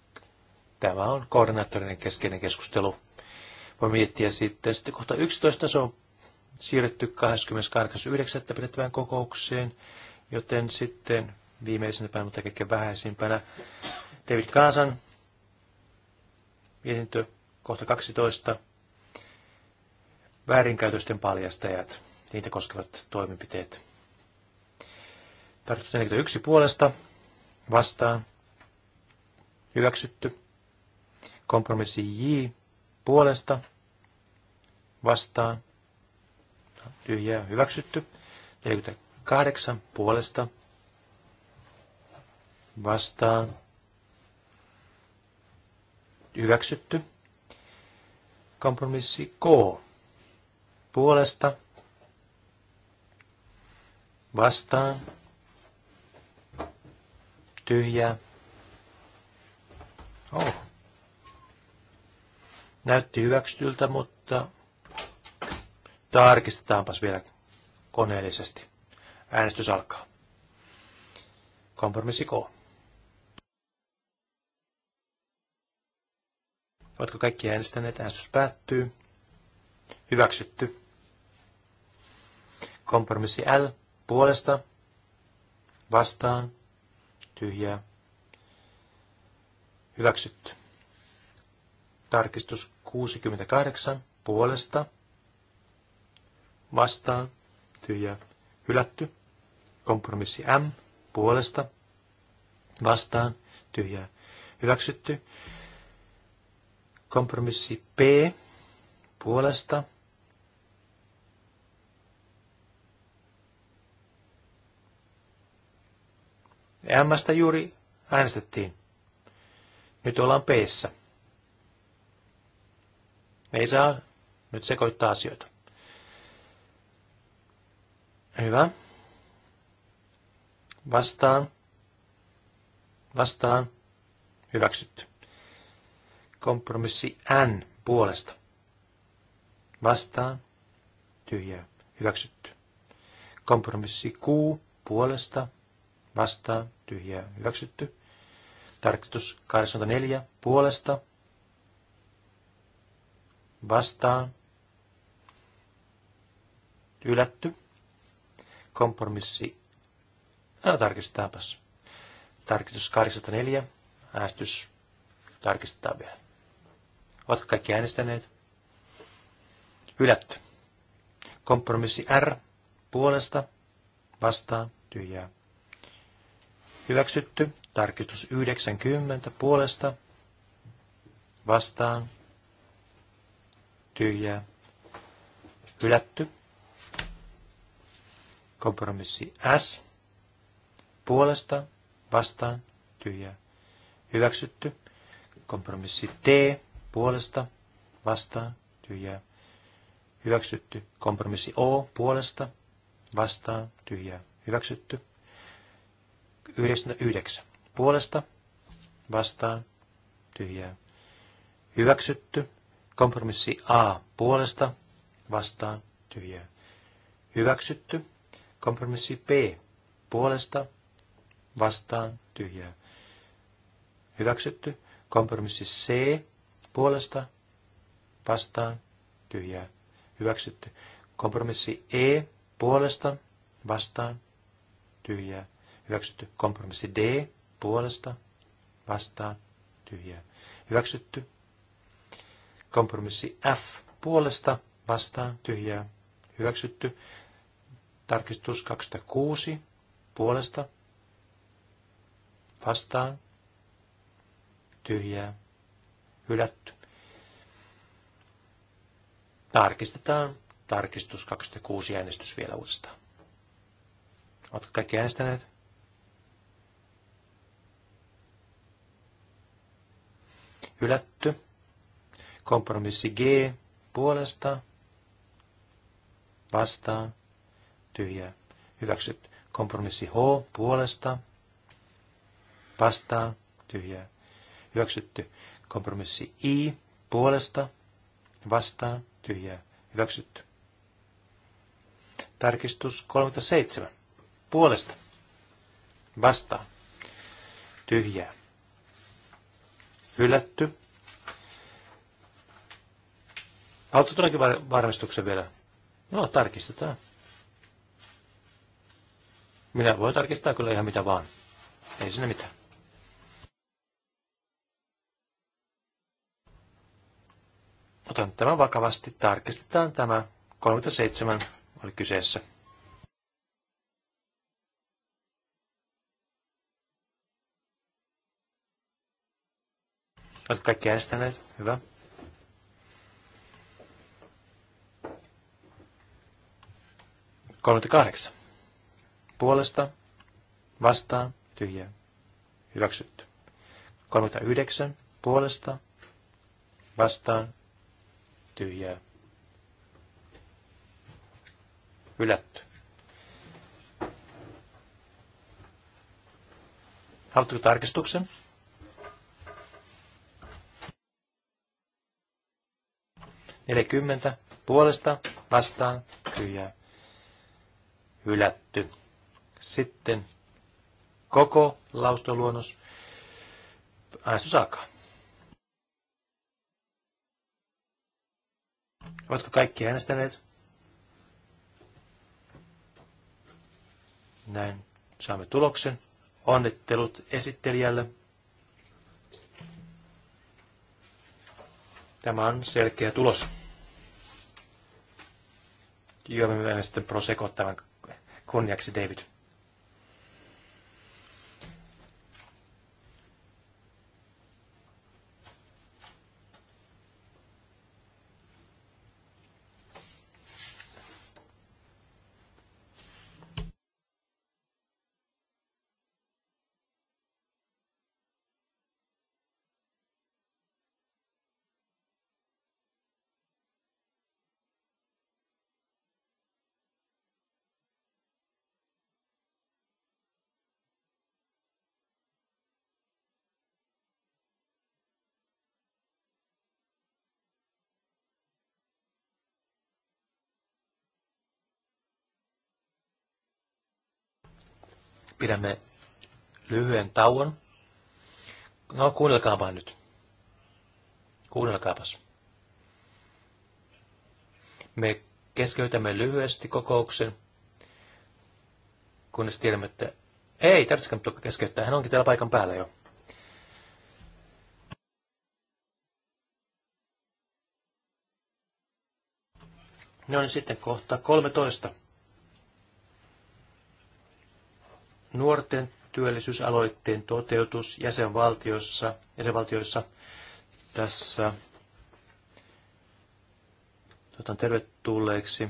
tämä on koordinaattorinen keskeinen keskustelu. Voi miettiä sitten, sitten kohta 11 se on siirretty 28.9. pidettävään kokoukseen, joten sitten päivänä, mutta kaikkein vähäisimpänä David Kaasan mietintö kohta 12. Väärinkäytösten paljastajat, niitä koskevat toimenpiteet. Tarkoitus 41 puolesta vastaan. Hyväksytty. Kompromissi J puolesta vastaan. Tyhjää hyväksytty. 48 puolesta vastaan hyväksytty. Kompromissi K puolesta vastaan tyhjää. Oh. Näytti hyväksytyltä, mutta tarkistetaanpas vielä koneellisesti. Äänestys alkaa. Kompromissi K. Ovatko kaikki äänestäneet? Äänestys päättyy. Hyväksytty. Kompromissi L puolesta. Vastaan. Tyhjää. Hyväksytty. Tarkistus 68 puolesta. Vastaan. Tyhjää. Hylätty. Kompromissi M puolesta. Vastaan. Tyhjää. Hyväksytty. Kompromissi P puolesta. Mstä juuri äänestettiin. Nyt ollaan p -ssä. Ei saa nyt sekoittaa asioita. Hyvä. Vastaan. Vastaan. Hyväksytty. Kompromissi N puolesta. Vastaan. tyhjä Hyväksytty. Kompromissi Q puolesta. Vastaan. tyhjä Hyväksytty. Tarkistus 84 puolesta. Vastaan. Ylätty. Kompromissi. No, tarkistetaanpas. Tarkistus 84. äästys, tarkistetaan vielä. Ovatko kaikki äänestäneet? Hylätty. Kompromissi R puolesta vastaan tyhjää. Hyväksytty. Tarkistus 90 puolesta vastaan tyhjää. Hylätty. Kompromissi S puolesta vastaan tyhjää. Hyväksytty. Kompromissi T puolesta, vastaan, tyhjää, hyväksytty. Kompromissi O puolesta, vastaan, tyhjää, hyväksytty. 99 no, puolesta, vastaan, tyhjää, hyväksytty. Kompromissi A puolesta, vastaan, tyhjää, hyväksytty. Kompromissi B puolesta, vastaan, tyhjää, hyväksytty. Kompromissi C puolesta, vastaan, tyhjää, hyväksytty. Kompromissi E puolesta, vastaan, tyhjää, hyväksytty. Kompromissi D puolesta, vastaan, tyhjää, hyväksytty. Kompromissi F puolesta, vastaan, tyhjää, hyväksytty. Tarkistus 26 puolesta, vastaan, tyhjää, hylätty. Tarkistetaan tarkistus 26 äänestys vielä uudestaan. Oletko kaikki äänestäneet? Hylätty. Kompromissi G puolesta. Vastaan. tyhjä. Hyväksytty. Kompromissi H puolesta. Vastaan. tyhjä. Hyväksytty. Kompromissi I puolesta vastaan tyhjää hyväksytty. Tarkistus 37 puolesta vastaan tyhjää hylätty. Haluatko todellakin var- varmistuksen vielä? No, tarkistetaan. Minä voin tarkistaa kyllä ihan mitä vaan. Ei sinne mitään. otan tämän vakavasti. Tarkistetaan tämä 37 oli kyseessä. Oletko kaikki äänestäneet? Hyvä. kahdeksan. Puolesta, vastaan, tyhjä, Hyväksytty. 39. Puolesta, vastaan, tyhjää hylätty. Haluatteko tarkistuksen? Neljäkymmentä puolesta vastaan tyhjää hylätty. Sitten koko laustoluonnos äänestys alkaa. Ovatko kaikki äänestäneet? Näin saamme tuloksen. Onnittelut esittelijälle. Tämä on selkeä tulos. Juomme sitten Prosecco tämän kunniaksi, David. pidämme lyhyen tauon. No, kuunnelkaapa nyt. Kuunnelkaapas. Me keskeytämme lyhyesti kokouksen, kunnes tiedämme, että ei tarvitsekaan tuota keskeyttää, hän onkin täällä paikan päällä jo. No niin, sitten kohta 13. Nuorten työllisyysaloitteen toteutus jäsenvaltioissa, jäsenvaltioissa tässä otan tervetulleeksi.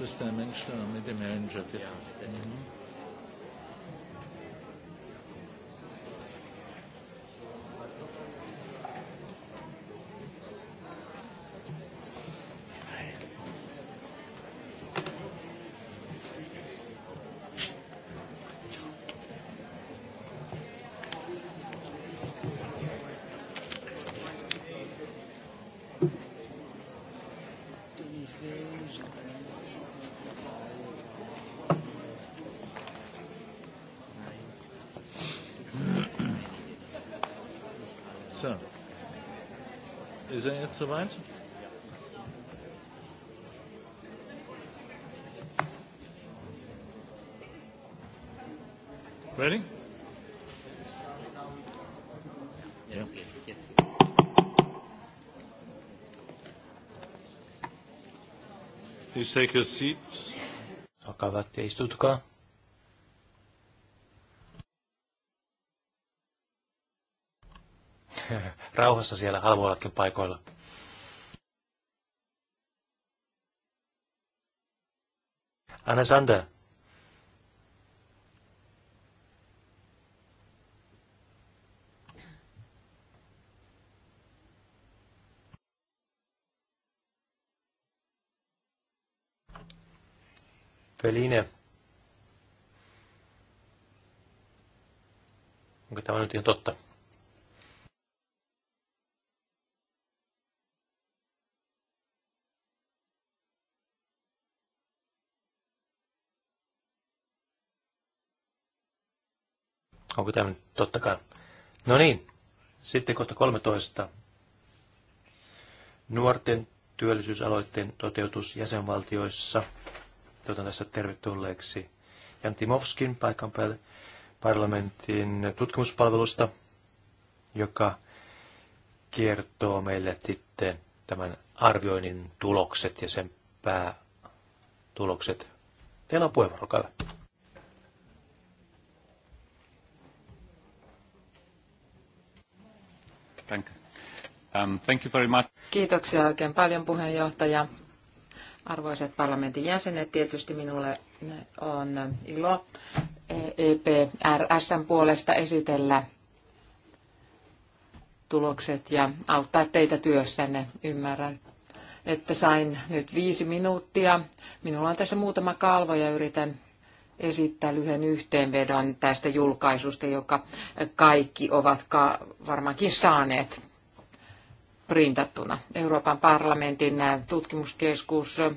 This is der Mensch mit dem Manager. Ja, mit dem. Mhm. soweit? Ready? Please take your seats. Olkaa hyvät Rauhassa siellä halvoillakin paikoilla. Anna Sander. Feline. Onko tämä nyt ihan totta? Onko tämä tottakaan? No niin, sitten kohta 13. Nuorten työllisyysaloitteen toteutus jäsenvaltioissa. Toivotan tässä tervetulleeksi Jan Timovskin paikan päälle parlamentin tutkimuspalvelusta, joka kertoo meille sitten tämän arvioinnin tulokset ja sen päätulokset. Teillä on puheenvuoro, Thank, um, thank you very much. Kiitoksia oikein paljon puheenjohtaja. Arvoisat parlamentin jäsenet, tietysti minulle on ilo EPRSn puolesta esitellä tulokset ja auttaa teitä työssänne. Ymmärrän, että sain nyt viisi minuuttia. Minulla on tässä muutama kalvo ja yritän esittää lyhyen yhteenvedon tästä julkaisusta, joka kaikki ovat varmaankin saaneet printattuna. Euroopan parlamentin äh, tutkimuskeskus äh,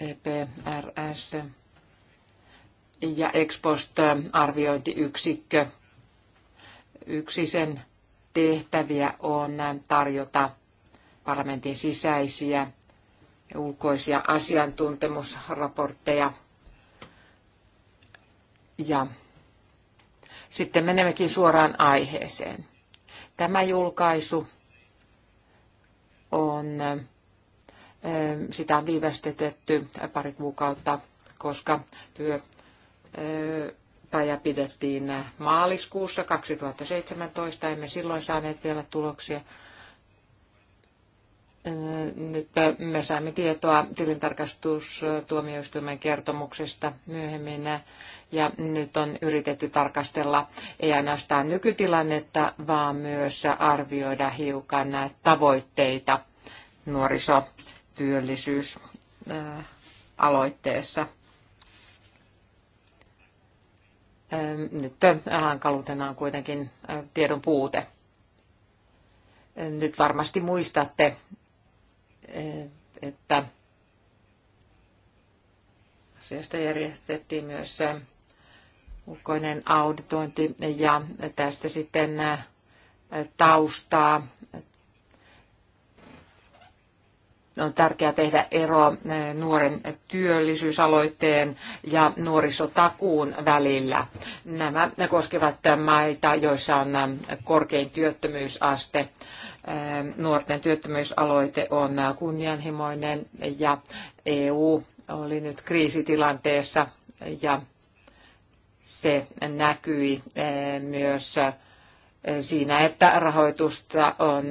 EPRS ja Expost-arviointiyksikkö. Äh, Yksi sen tehtäviä on tarjota parlamentin sisäisiä ulkoisia asiantuntemusraportteja. Ja sitten menemmekin suoraan aiheeseen. Tämä julkaisu on, ähm, sitä on viivästetetty pari kuukautta, koska työ äh, pidettiin maaliskuussa 2017. Emme silloin saaneet vielä tuloksia. Nyt me saimme tietoa tilintarkastustuomioistuimen kertomuksesta myöhemmin ja nyt on yritetty tarkastella ei ainoastaan nykytilannetta, vaan myös arvioida hiukan näitä tavoitteita nuorisotyöllisyysaloitteessa. Nyt hankaluutena on kuitenkin tiedon puute. Nyt varmasti muistatte että asiasta järjestettiin myös ulkoinen auditointi ja tästä sitten taustaa. On tärkeää tehdä ero nuoren työllisyysaloitteen ja nuorisotakuun välillä. Nämä koskevat maita, joissa on korkein työttömyysaste nuorten työttömyysaloite on kunnianhimoinen ja EU oli nyt kriisitilanteessa ja se näkyi myös siinä, että rahoitusta on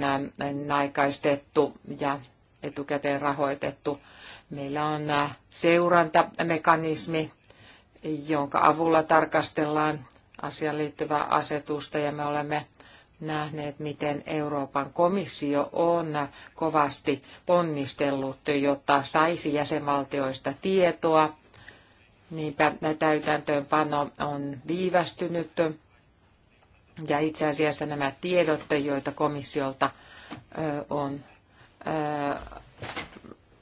naikaistettu ja etukäteen rahoitettu. Meillä on seurantamekanismi, jonka avulla tarkastellaan asiaan liittyvää asetusta ja me olemme nähneet, miten Euroopan komissio on kovasti ponnistellut, jotta saisi jäsenvaltioista tietoa. Niinpä täytäntöönpano on viivästynyt. Ja itse asiassa nämä tiedot, joita komissiolta on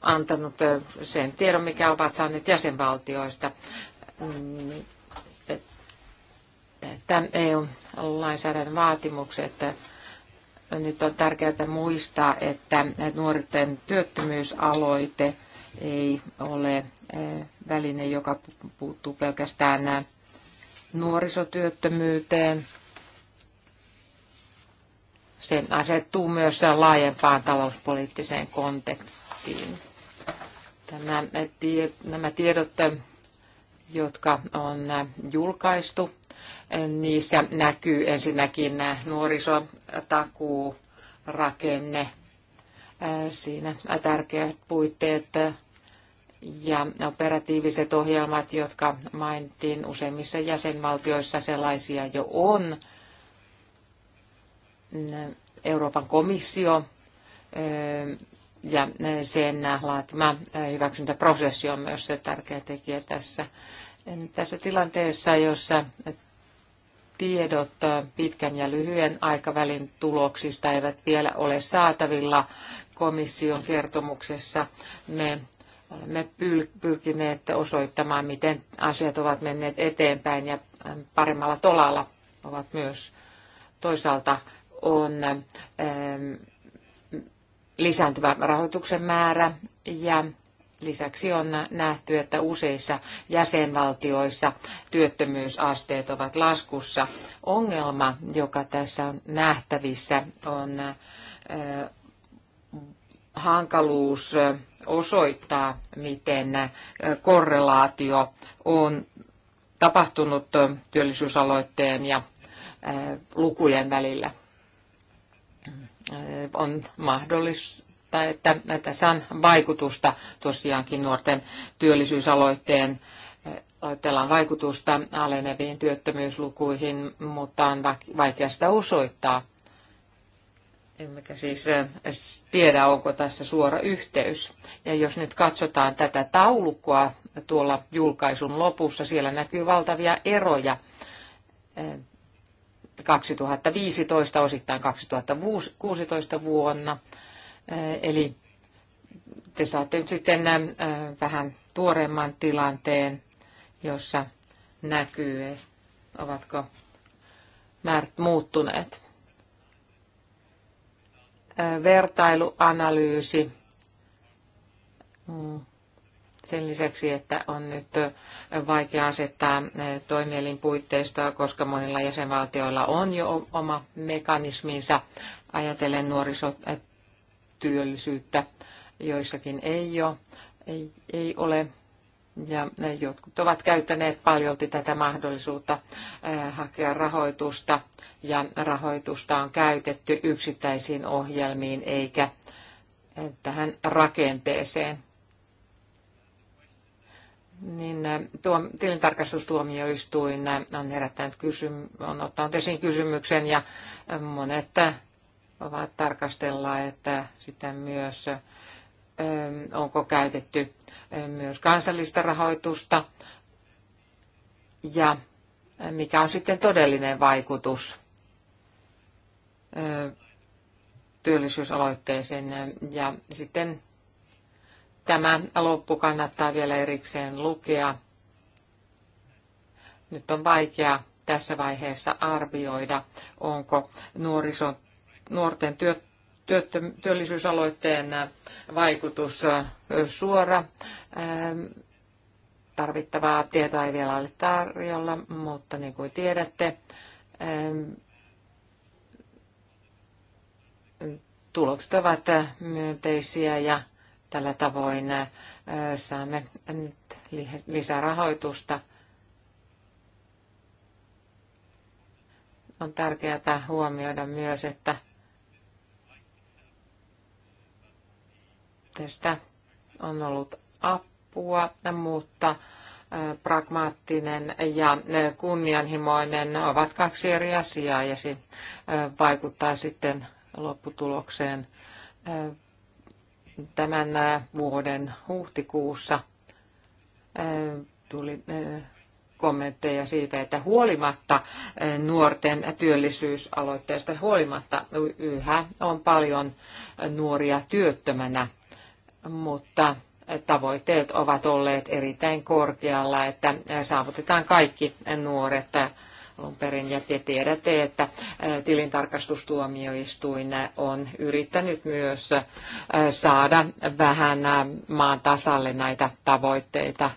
antanut sen tiedon, mikä ovat saaneet jäsenvaltioista, tämän niin, EUn lainsäädännön vaatimukset. Nyt on tärkeää muistaa, että nuorten työttömyysaloite ei ole eh, väline, joka puuttuu pelkästään nuorisotyöttömyyteen. Se asettuu myös laajempaan talouspoliittiseen kontekstiin. nämä tiedot, jotka on julkaistu Niissä näkyy ensinnäkin nuorisotakuu, rakenne, siinä tärkeät puitteet ja operatiiviset ohjelmat, jotka mainittiin useimmissa jäsenvaltioissa, sellaisia jo on. Euroopan komissio ja sen laatima hyväksyntäprosessi on myös se tärkeä tekijä tässä. Tässä tilanteessa, jossa tiedot pitkän ja lyhyen aikavälin tuloksista eivät vielä ole saatavilla komission kertomuksessa. Me olemme pyrkineet osoittamaan, miten asiat ovat menneet eteenpäin ja paremmalla tolalla ovat myös toisaalta on lisääntyvä rahoituksen määrä ja Lisäksi on nähty, että useissa jäsenvaltioissa työttömyysasteet ovat laskussa. Ongelma, joka tässä on nähtävissä, on hankaluus osoittaa, miten korrelaatio on tapahtunut työllisyysaloitteen ja lukujen välillä. On mahdollista osoittaa, että tässä on vaikutusta tosiaankin nuorten työllisyysaloitteen Aloitteella on vaikutusta aleneviin työttömyyslukuihin, mutta on vaikea sitä osoittaa. Emmekä siis tiedä, onko tässä suora yhteys. Ja jos nyt katsotaan tätä taulukkoa tuolla julkaisun lopussa, siellä näkyy valtavia eroja 2015, osittain 2016 vuonna. Äh, eli te saatte nyt sitten äh, vähän tuoreemman tilanteen, jossa näkyy, ovatko määrät muuttuneet. Äh, vertailuanalyysi. Mm. Sen lisäksi, että on nyt vaikea asettaa toimielin puitteistoa, koska monilla jäsenvaltioilla on jo oma mekanisminsa ajatellen nuorisot työllisyyttä, joissakin ei ole. Ei, ei ole. Ja jotkut ovat käyttäneet paljolti tätä mahdollisuutta hakea rahoitusta ja rahoitusta on käytetty yksittäisiin ohjelmiin eikä tähän rakenteeseen. Niin tuo tilintarkastustuomioistuin on herättänyt kysym- on ottanut esiin kysymyksen ja monet vaan tarkastella, että sitä myös ähm, onko käytetty äh, myös kansallista rahoitusta ja mikä on sitten todellinen vaikutus äh, työllisyysaloitteeseen. Ja sitten tämä loppu kannattaa vielä erikseen lukea. Nyt on vaikea tässä vaiheessa arvioida, onko nuorison nuorten työllisyysaloitteen äh, vaikutus äh, suora. Ähm, tarvittavaa tietoa ei vielä ole tarjolla, mutta niin kuin tiedätte, ähm, tulokset ovat äh, myönteisiä ja tällä tavoin saamme nyt lisärahoitusta. On tärkeää huomioida myös, että Tästä on ollut apua, mutta pragmaattinen ja kunnianhimoinen ovat kaksi eri asiaa ja se vaikuttaa sitten lopputulokseen tämän vuoden huhtikuussa tuli kommentteja siitä, että huolimatta nuorten työllisyysaloitteesta, huolimatta yhä on paljon nuoria työttömänä mutta tavoitteet ovat olleet erittäin korkealla, että saavutetaan kaikki nuoret alun perin. Ja te tiedätte, että tilintarkastustuomioistuin on yrittänyt myös saada vähän maan tasalle näitä tavoitteita.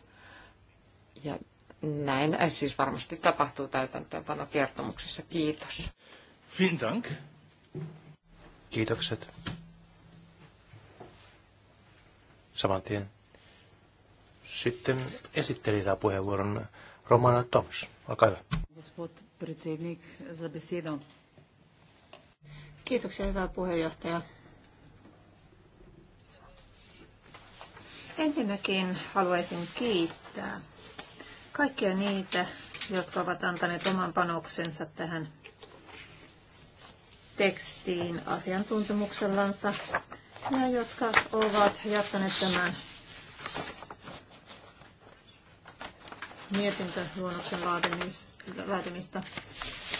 Ja näin siis varmasti tapahtuu täytäntöönpanokertomuksessa. Kiitos. Vielen Dank. Kiitokset saman tien. Sitten esitteli tämä puheenvuoron Romana Toms. Olkaa hyvä. Kiitoksia, hyvä puheenjohtaja. Ensinnäkin haluaisin kiittää kaikkia niitä, jotka ovat antaneet oman panoksensa tähän tekstiin asiantuntemuksellansa ne, jotka ovat jättäneet tämän mietintöluonnoksen laatimista.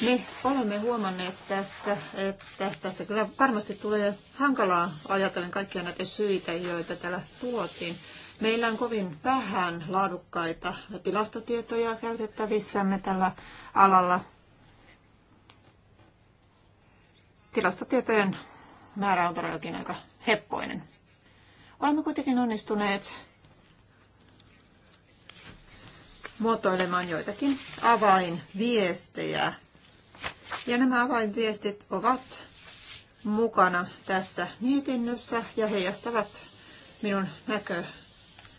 Me olemme huomanneet tässä, että tästä kyllä varmasti tulee hankalaa ajatellen kaikkia näitä syitä, joita täällä tuotiin. Meillä on kovin vähän laadukkaita tilastotietoja käytettävissämme tällä alalla. Tilastotietojen määrä on todellakin aika heppoinen. Olemme kuitenkin onnistuneet muotoilemaan joitakin avainviestejä. Ja nämä avainviestit ovat mukana tässä mietinnössä ja heijastavat minun näkö,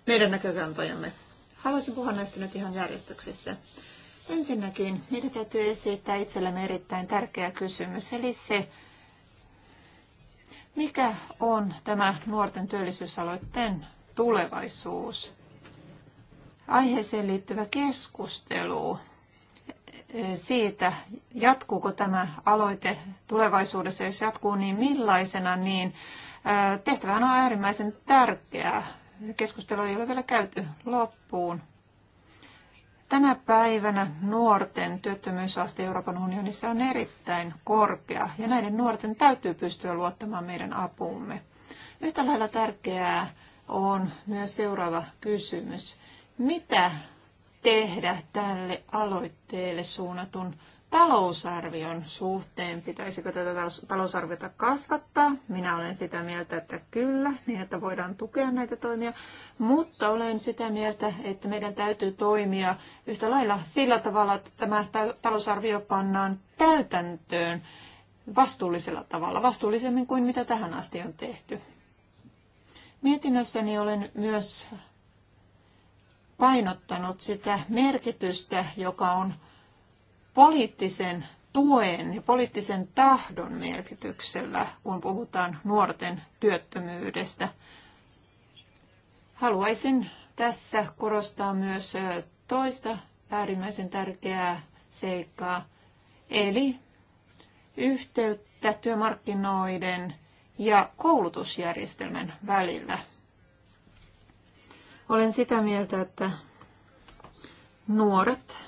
meidän näkökantojamme. Haluaisin puhua näistä nyt ihan järjestyksessä. Ensinnäkin meidän täytyy esittää itsellemme erittäin tärkeä kysymys, eli se, mikä on tämä nuorten työllisyysaloitteen tulevaisuus? Aiheeseen liittyvä keskustelu e, siitä, jatkuuko tämä aloite tulevaisuudessa, jos jatkuu, niin millaisena, niin e, tehtävä on äärimmäisen tärkeää. Keskustelu ei ole vielä käyty loppuun. Tänä päivänä nuorten työttömyysaste Euroopan unionissa on erittäin korkea ja näiden nuorten täytyy pystyä luottamaan meidän apuumme. Yhtä lailla tärkeää on myös seuraava kysymys. Mitä tehdä tälle aloitteelle suunnatun talousarvion suhteen. Pitäisikö tätä talousarviota kasvattaa? Minä olen sitä mieltä, että kyllä, niin että voidaan tukea näitä toimia. Mutta olen sitä mieltä, että meidän täytyy toimia yhtä lailla sillä tavalla, että tämä talousarvio pannaan täytäntöön vastuullisella tavalla, vastuullisemmin kuin mitä tähän asti on tehty. Mietinnössäni olen myös painottanut sitä merkitystä, joka on poliittisen tuen ja poliittisen tahdon merkityksellä, kun puhutaan nuorten työttömyydestä. Haluaisin tässä korostaa myös toista äärimmäisen tärkeää seikkaa, eli yhteyttä työmarkkinoiden ja koulutusjärjestelmän välillä. Olen sitä mieltä, että nuoret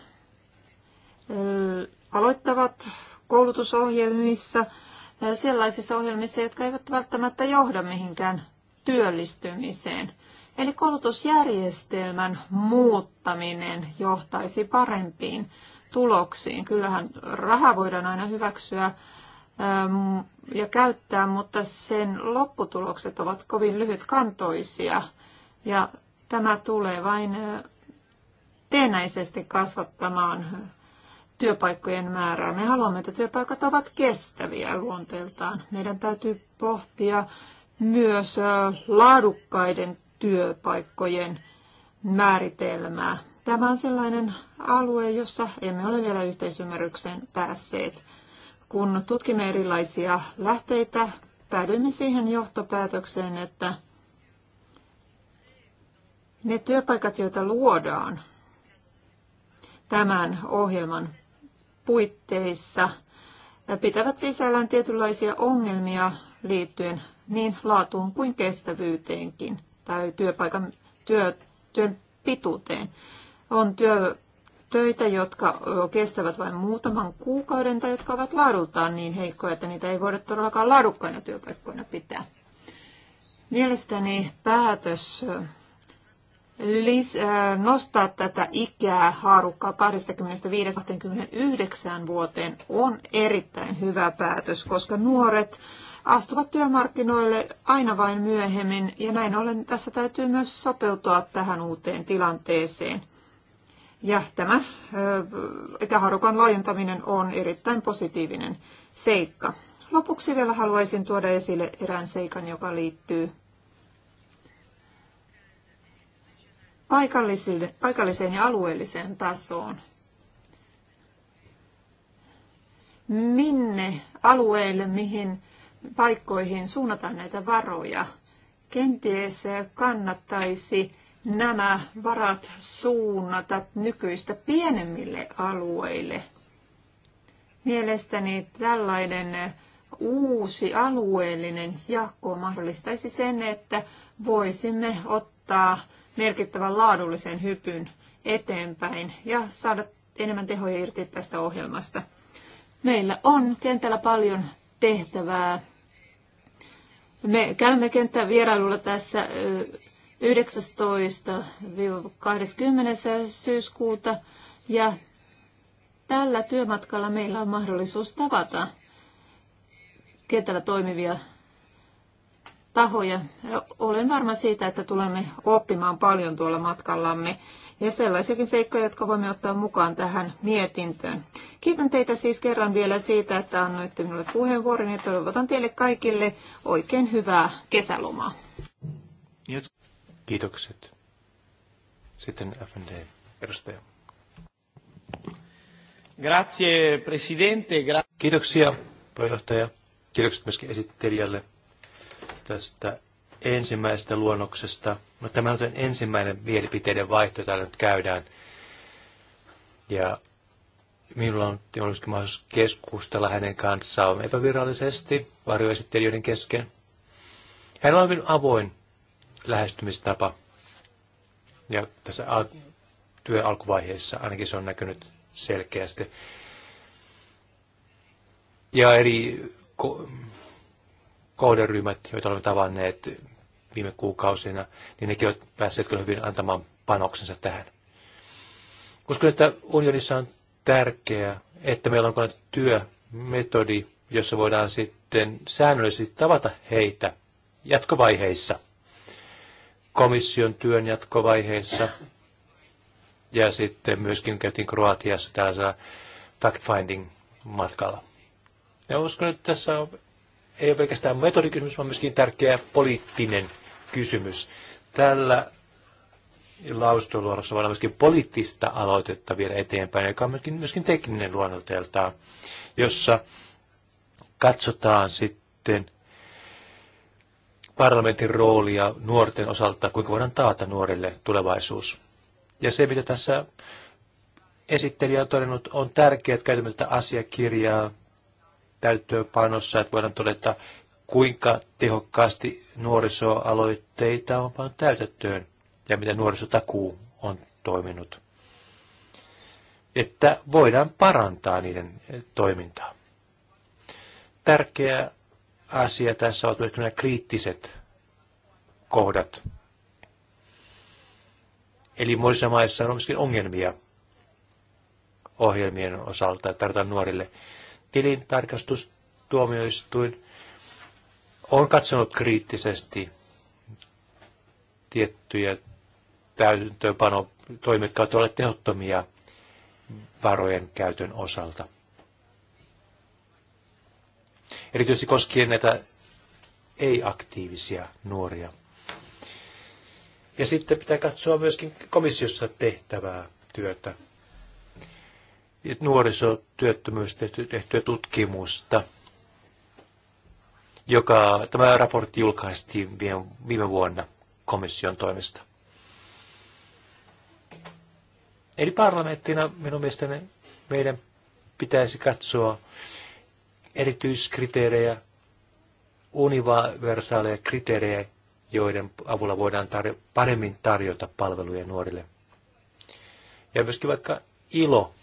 aloittavat koulutusohjelmissa, sellaisissa ohjelmissa, jotka eivät välttämättä johda mihinkään työllistymiseen. Eli koulutusjärjestelmän muuttaminen johtaisi parempiin tuloksiin. Kyllähän raha voidaan aina hyväksyä ähm, ja käyttää, mutta sen lopputulokset ovat kovin lyhytkantoisia. Ja tämä tulee vain äh, teenäisesti kasvattamaan työpaikkojen määrää. Me haluamme, että työpaikat ovat kestäviä luonteeltaan. Meidän täytyy pohtia myös laadukkaiden työpaikkojen määritelmää. Tämä on sellainen alue, jossa emme ole vielä yhteisymmärrykseen päässeet. Kun tutkimme erilaisia lähteitä, päädyimme siihen johtopäätökseen, että ne työpaikat, joita luodaan tämän ohjelman puitteissa pitävät sisällään tietynlaisia ongelmia liittyen niin laatuun kuin kestävyyteenkin tai työpaikan, työ, työn pituuteen. On työ, töitä, jotka kestävät vain muutaman kuukauden tai jotka ovat laadultaan niin heikkoja, että niitä ei voida todellakaan laadukkaina työpaikkoina pitää. Mielestäni päätös lis, äh, nostaa tätä ikää haarukkaa 25-29 vuoteen on erittäin hyvä päätös, koska nuoret astuvat työmarkkinoille aina vain myöhemmin ja näin ollen tässä täytyy myös sopeutua tähän uuteen tilanteeseen. Ja tämä äh, ikäharukan laajentaminen on erittäin positiivinen seikka. Lopuksi vielä haluaisin tuoda esille erään seikan, joka liittyy paikalliseen ja alueelliseen tasoon. Minne alueille, mihin paikkoihin suunnataan näitä varoja? Kenties kannattaisi nämä varat suunnata nykyistä pienemmille alueille. Mielestäni tällainen uusi alueellinen jako mahdollistaisi sen, että voisimme ottaa merkittävän laadullisen hypyn eteenpäin ja saada enemmän tehoja irti tästä ohjelmasta. Meillä on kentällä paljon tehtävää. Me käymme kenttävierailulla tässä 19-20. syyskuuta ja tällä työmatkalla meillä on mahdollisuus tavata kentällä toimivia tahoja. Olen varma siitä, että tulemme oppimaan paljon tuolla matkallamme ja sellaisiakin seikkoja, jotka voimme ottaa mukaan tähän mietintöön. Kiitän teitä siis kerran vielä siitä, että annoitte minulle puheenvuoron ja toivotan teille kaikille oikein hyvää kesälomaa. Kiitokset. Sitten FND edustaja. Grazie, presidente. Gra- Kiitoksia, puheenjohtaja. Kiitokset myöskin esittelijälle tästä ensimmäisestä luonnoksesta. No, tämä on ensimmäinen mielipiteiden vaihto, jota nyt käydään. Ja minulla on ollut mahdollisuus keskustella hänen kanssaan epävirallisesti varjoesittelijöiden kesken. Hänellä on hyvin avoin lähestymistapa. Ja tässä al- työn alkuvaiheessa ainakin se on näkynyt selkeästi. Ja eri kohderyhmät, joita olemme tavanneet viime kuukausina, niin nekin ovat päässeet kyllä hyvin antamaan panoksensa tähän. Uskon, että unionissa on tärkeää, että meillä on työmetodi, jossa voidaan sitten säännöllisesti tavata heitä jatkovaiheissa, komission työn jatkovaiheissa, ja sitten myöskin käytiin Kroatiassa tällaisella fact-finding matkalla. Ja uskon, että tässä on ei ole pelkästään metodikysymys, vaan myöskin tärkeä poliittinen kysymys. Tällä lausuntoluorossa voidaan myöskin poliittista aloitetta viedä eteenpäin, joka on myöskin, myöskin tekninen luonnonteeltaan, jossa katsotaan sitten parlamentin roolia nuorten osalta, kuinka voidaan taata nuorille tulevaisuus. Ja se, mitä tässä esittelijä on todennut, on tärkeää, että käytämme tätä asiakirjaa täyttöönpanossa, että voidaan todeta, kuinka tehokkaasti nuorisoaloitteita on pannut täytettyön ja miten nuorisotakuu on toiminut. Että voidaan parantaa niiden eh, toimintaa. Tärkeä asia tässä on myös nämä kriittiset kohdat. Eli monissa maissa on myöskin ongelmia ohjelmien osalta, tarvitaan nuorille tilintarkastustuomioistuin on katsonut kriittisesti tiettyjä täytäntöönpanotoimia, jotka ovat olleet tehottomia varojen käytön osalta. Erityisesti koskien näitä ei-aktiivisia nuoria. Ja sitten pitää katsoa myöskin komissiossa tehtävää työtä nuorisotyöttömyys tehty, tehtyä tutkimusta, joka tämä raportti julkaistiin viime, viime vuonna komission toimesta. Eli parlamenttina minun mielestäni meidän pitäisi katsoa erityiskriteerejä, universaaleja kriteerejä, joiden avulla voidaan tarjo- paremmin tarjota palveluja nuorille. Ja myöskin vaikka ilo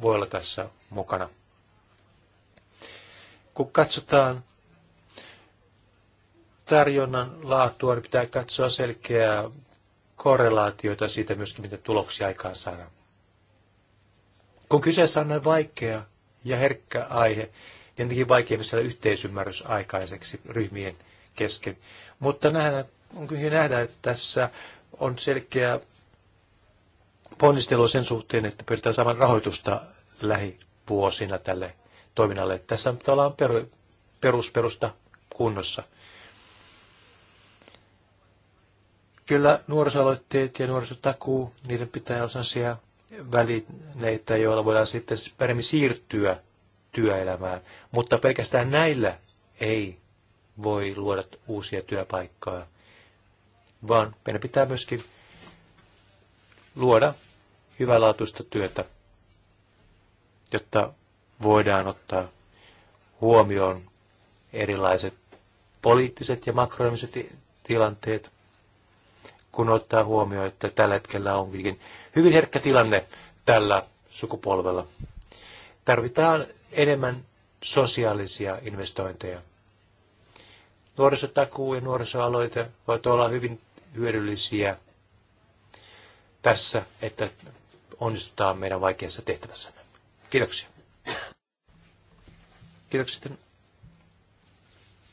voi olla tässä mukana. Kun katsotaan tarjonnan laatua, niin pitää katsoa selkeää korrelaatioita siitä myöskin, miten tuloksia aikaan saadaan. Kun kyseessä on näin vaikea ja herkkä aihe, niin tietenkin vaikea saada yhteisymmärrys aikaiseksi ryhmien kesken. Mutta nähdään, on kyllä nähdään, että tässä on selkeä ponnistelua sen suhteen, että pyritään saamaan rahoitusta lähivuosina tälle toiminnalle. Tässä on tavallaan perusperusta kunnossa. Kyllä nuorisoaloitteet ja nuorisotakuu, niiden pitää olla sellaisia välineitä, joilla voidaan sitten paremmin siirtyä työelämään. Mutta pelkästään näillä ei voi luoda uusia työpaikkoja, vaan meidän pitää myöskin luoda hyvälaatuista työtä, jotta voidaan ottaa huomioon erilaiset poliittiset ja makroimiset tilanteet, kun ottaa huomioon, että tällä hetkellä onkin hyvin herkkä tilanne tällä sukupolvella. Tarvitaan enemmän sosiaalisia investointeja. Nuorisotakuu ja nuorisoaloite voivat olla hyvin hyödyllisiä tässä, että onnistutaan meidän vaikeassa tehtävässämme. Kiitoksia. Kiitoksia sitten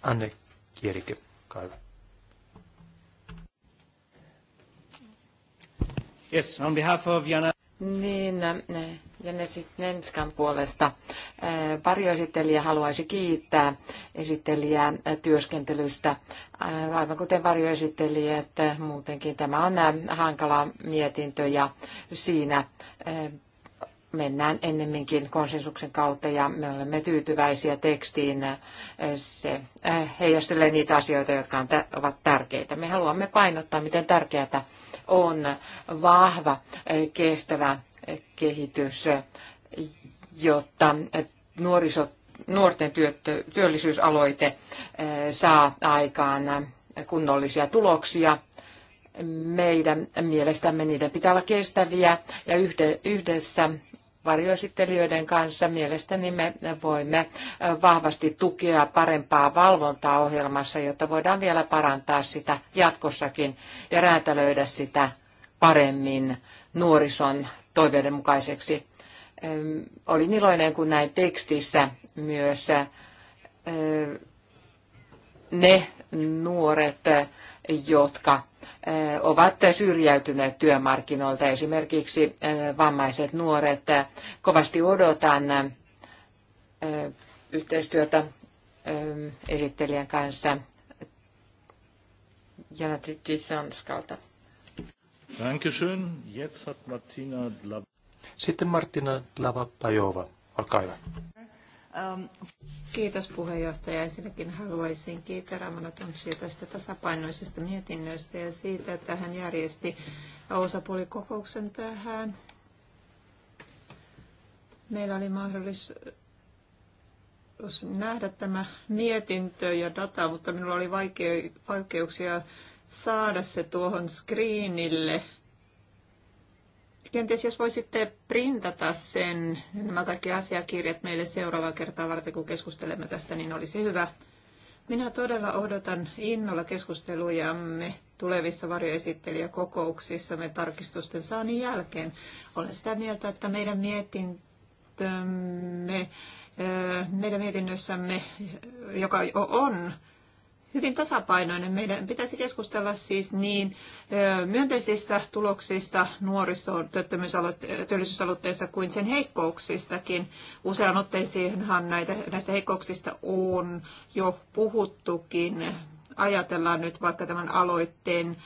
Anne Kierike, kaiva. Yes, on behalf of Jana. Niin, ne. Eh, Jenesit Nenskan puolesta. Varjoesittelijä haluaisi kiittää esittelijää työskentelystä. Aivan kuten varjoesittelijä, että muutenkin tämä on hankala mietintö ja siinä mennään ennemminkin konsensuksen kautta ja me olemme tyytyväisiä tekstiin. Se heijastelee niitä asioita, jotka ovat tärkeitä. Me haluamme painottaa, miten tärkeää on vahva, kestävä kehitys, jotta nuoriso, nuorten työttö, työllisyysaloite eh, saa aikaan kunnollisia tuloksia. Meidän mielestämme niiden pitää olla kestäviä ja yhdessä varjoesittelijöiden kanssa mielestäni me voimme vahvasti tukea parempaa valvontaa ohjelmassa, jotta voidaan vielä parantaa sitä jatkossakin ja räätälöidä sitä paremmin nuorison toiveiden mukaiseksi. Olin iloinen, kun näin tekstissä myös ne nuoret, jotka ovat syrjäytyneet työmarkkinoilta, esimerkiksi vammaiset nuoret. Kovasti odotan yhteistyötä esittelijän kanssa Jana Tsitsanskalta. Dankeschön. Sitten Martina Dlavapajova. Olkaa hyvä. Ähm, kiitos puheenjohtaja. Ensinnäkin haluaisin kiittää Ramana Tonsia tästä tasapainoisesta mietinnöstä ja siitä, että hän järjesti osapuolikokouksen tähän. Meillä oli mahdollisuus nähdä tämä mietintö ja data, mutta minulla oli vaikeuksia saada se tuohon screenille. Kenties jos voisitte printata sen, nämä kaikki asiakirjat meille seuraavaa kertaa varten, kun keskustelemme tästä, niin olisi hyvä. Minä todella odotan innolla keskustelujamme tulevissa varjoesittelijäkokouksissamme tarkistusten saannin jälkeen. Olen sitä mieltä, että meidän mietintömme meidän mietinnössämme, joka on hyvin tasapainoinen. Meidän pitäisi keskustella siis niin myönteisistä tuloksista nuorisotyöllisyysaloitteessa kuin sen heikkouksistakin. Usean otteisiinhan näitä, näistä heikkouksista on jo puhuttukin. Ajatellaan nyt vaikka tämän aloitteen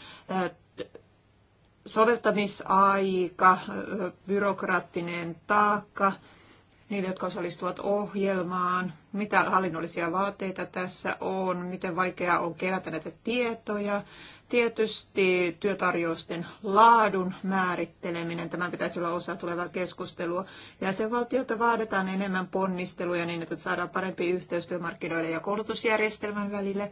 soveltamisaika, byrokraattinen taakka, niille, jotka osallistuvat ohjelmaan, mitä hallinnollisia vaateita tässä on, miten vaikeaa on kerätä näitä tietoja. Tietysti työtarjousten laadun määritteleminen, tämä pitäisi olla osa tulevaa keskustelua. Jäsenvaltiota vaaditaan enemmän ponnisteluja niin, että saadaan parempi yhteys työmarkkinoiden ja koulutusjärjestelmän välille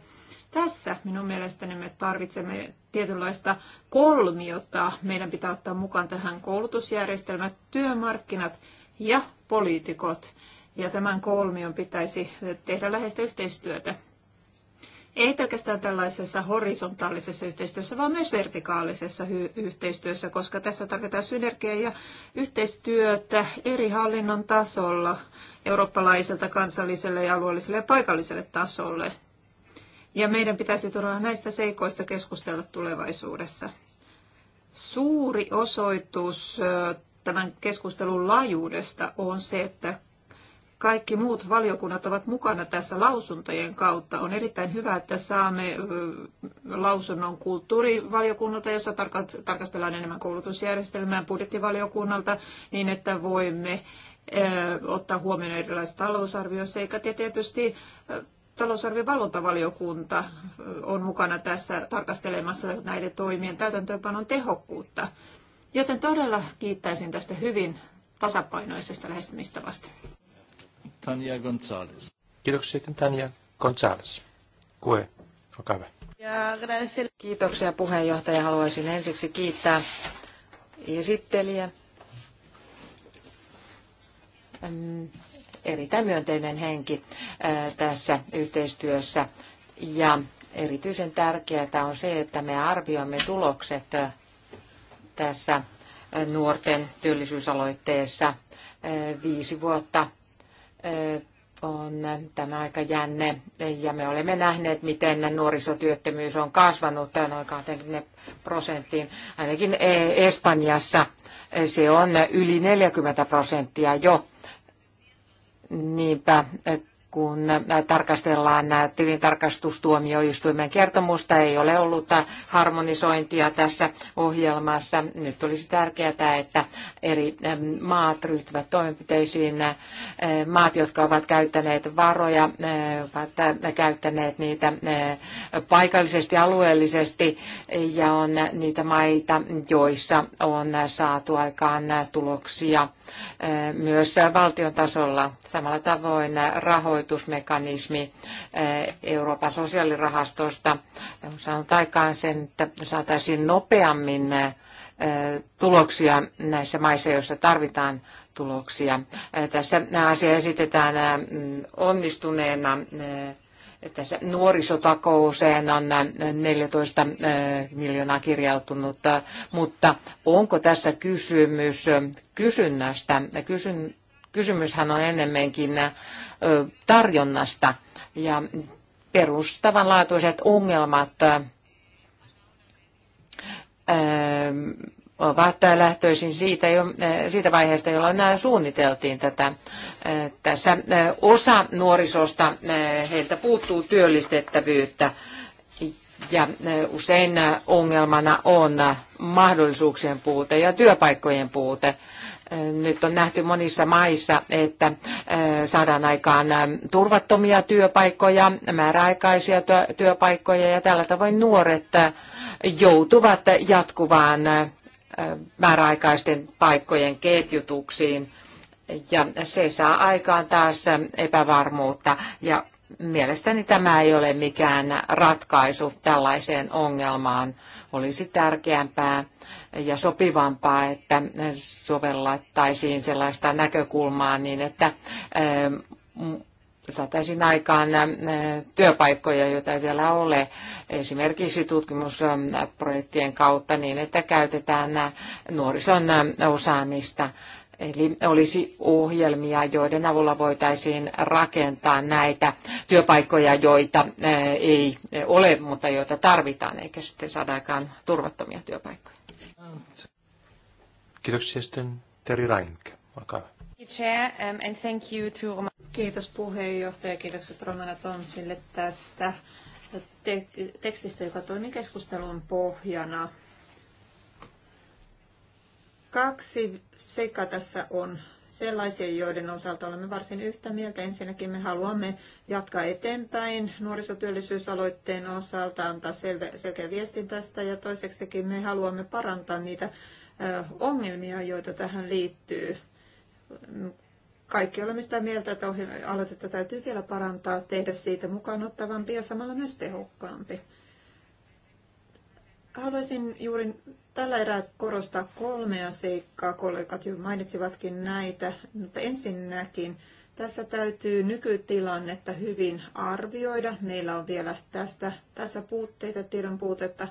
tässä minun mielestäni me tarvitsemme tietynlaista kolmiota. Meidän pitää ottaa mukaan tähän koulutusjärjestelmät, työmarkkinat ja poliitikot. Ja tämän kolmion pitäisi tehdä läheistä yhteistyötä. Ei pelkästään tällaisessa horisontaalisessa yhteistyössä, vaan myös vertikaalisessa yhteistyössä, koska tässä tarvitaan synergiaa ja yhteistyötä eri hallinnon tasolla, eurooppalaiselta, kansalliselle ja alueelliselle ja paikalliselle tasolle. Ja meidän pitäisi todella näistä seikoista keskustella tulevaisuudessa. Suuri osoitus tämän keskustelun laajuudesta on se, että kaikki muut valiokunnat ovat mukana tässä lausuntojen kautta. On erittäin hyvä, että saamme lausunnon kulttuurivaliokunnalta, jossa tarkastellaan enemmän koulutusjärjestelmää budjettivaliokunnalta, niin että voimme ottaa huomioon erilaiset talousarvioseikat ja tietysti talousarvivalvontavaliokunta on mukana tässä tarkastelemassa näiden toimien täytäntöönpanon tehokkuutta. Joten todella kiittäisin tästä hyvin tasapainoisesta lähestymistavasta. Tania González. Kiitoksia sitten Tania González. Kue, olkaa hyvä. Kiitoksia puheenjohtaja. Haluaisin ensiksi kiittää esittelijä. Erittäin myönteinen henki tässä yhteistyössä ja erityisen tärkeää on se, että me arvioimme tulokset tässä nuorten työllisyysaloitteessa viisi vuotta on tämä aika jänne ja me olemme nähneet, miten nuorisotyöttömyys on kasvanut noin 20 prosenttiin. Ainakin Espanjassa se on yli 40 prosenttia jo. Niinpä kun äh, tarkastellaan äh, tilintarkastustuomioistuimen kertomusta, ei ole ollut äh, harmonisointia tässä ohjelmassa. Nyt olisi tärkeää, että eri ähm, maat ryhtyvät toimenpiteisiin. Maat, jotka ovat käyttäneet varoja, ovat käyttäneet niitä paikallisesti, alueellisesti ja on niitä maita, joissa on saatu aikaan tuloksia myös valtion tasolla. Samalla tavoin rahoitus rahoitusmekanismi eh, Euroopan sosiaalirahastosta on saanut aikaan sen, että saataisiin nopeammin eh, tuloksia näissä maissa, joissa tarvitaan tuloksia. Eh, tässä asia esitetään onnistuneena tässä nuorisotakuuseen on 14 miljoonaa kirjautunut, mutta onko tässä kysymys kysynnästä, kysyn, Kysymyshän on enemmänkin tarjonnasta ja perustavanlaatuiset ongelmat ovat lähtöisin siitä, jo, siitä vaiheesta, jolloin suunniteltiin tätä. Tässä osa nuorisosta, heiltä puuttuu työllistettävyyttä ja usein ongelmana on mahdollisuuksien puute ja työpaikkojen puute. Nyt on nähty monissa maissa, että saadaan aikaan turvattomia työpaikkoja, määräaikaisia työpaikkoja ja tällä tavoin nuoret joutuvat jatkuvaan määräaikaisten paikkojen ketjutuksiin ja se saa aikaan taas epävarmuutta ja mielestäni tämä ei ole mikään ratkaisu tällaiseen ongelmaan. Olisi tärkeämpää ja sopivampaa, että sovellettaisiin sellaista näkökulmaa niin, että ähm, saataisiin aikaan äh, työpaikkoja, joita ei vielä ole, esimerkiksi tutkimusprojektien kautta niin, että käytetään äh, nuorison äh, osaamista Eli olisi ohjelmia, joiden avulla voitaisiin rakentaa näitä työpaikkoja, joita ei ole, mutta joita tarvitaan, eikä sitten aikaan turvattomia työpaikkoja. Kiitoksia sitten Teri Rainke. Olkaa hyvä. Um, Kiitos puheenjohtaja, kiitokset Romana Tomsille tästä tekstistä, joka toimi keskustelun pohjana. Kaksi seikka tässä on sellaisia, joiden osalta olemme varsin yhtä mieltä. Ensinnäkin me haluamme jatkaa eteenpäin nuorisotyöllisyysaloitteen osalta, antaa selve, selkeä viestin tästä ja toiseksikin me haluamme parantaa niitä ongelmia, joita tähän liittyy. Kaikki olemme sitä mieltä, että aloitetta täytyy vielä parantaa, tehdä siitä mukaan ottavampi ja samalla myös tehokkaampi. Haluaisin juuri tällä erää korostaa kolmea seikkaa. Kollegat jo mainitsivatkin näitä, mutta ensinnäkin tässä täytyy nykytilannetta hyvin arvioida. Meillä on vielä tästä, tässä puutteita, tiedon puutetta.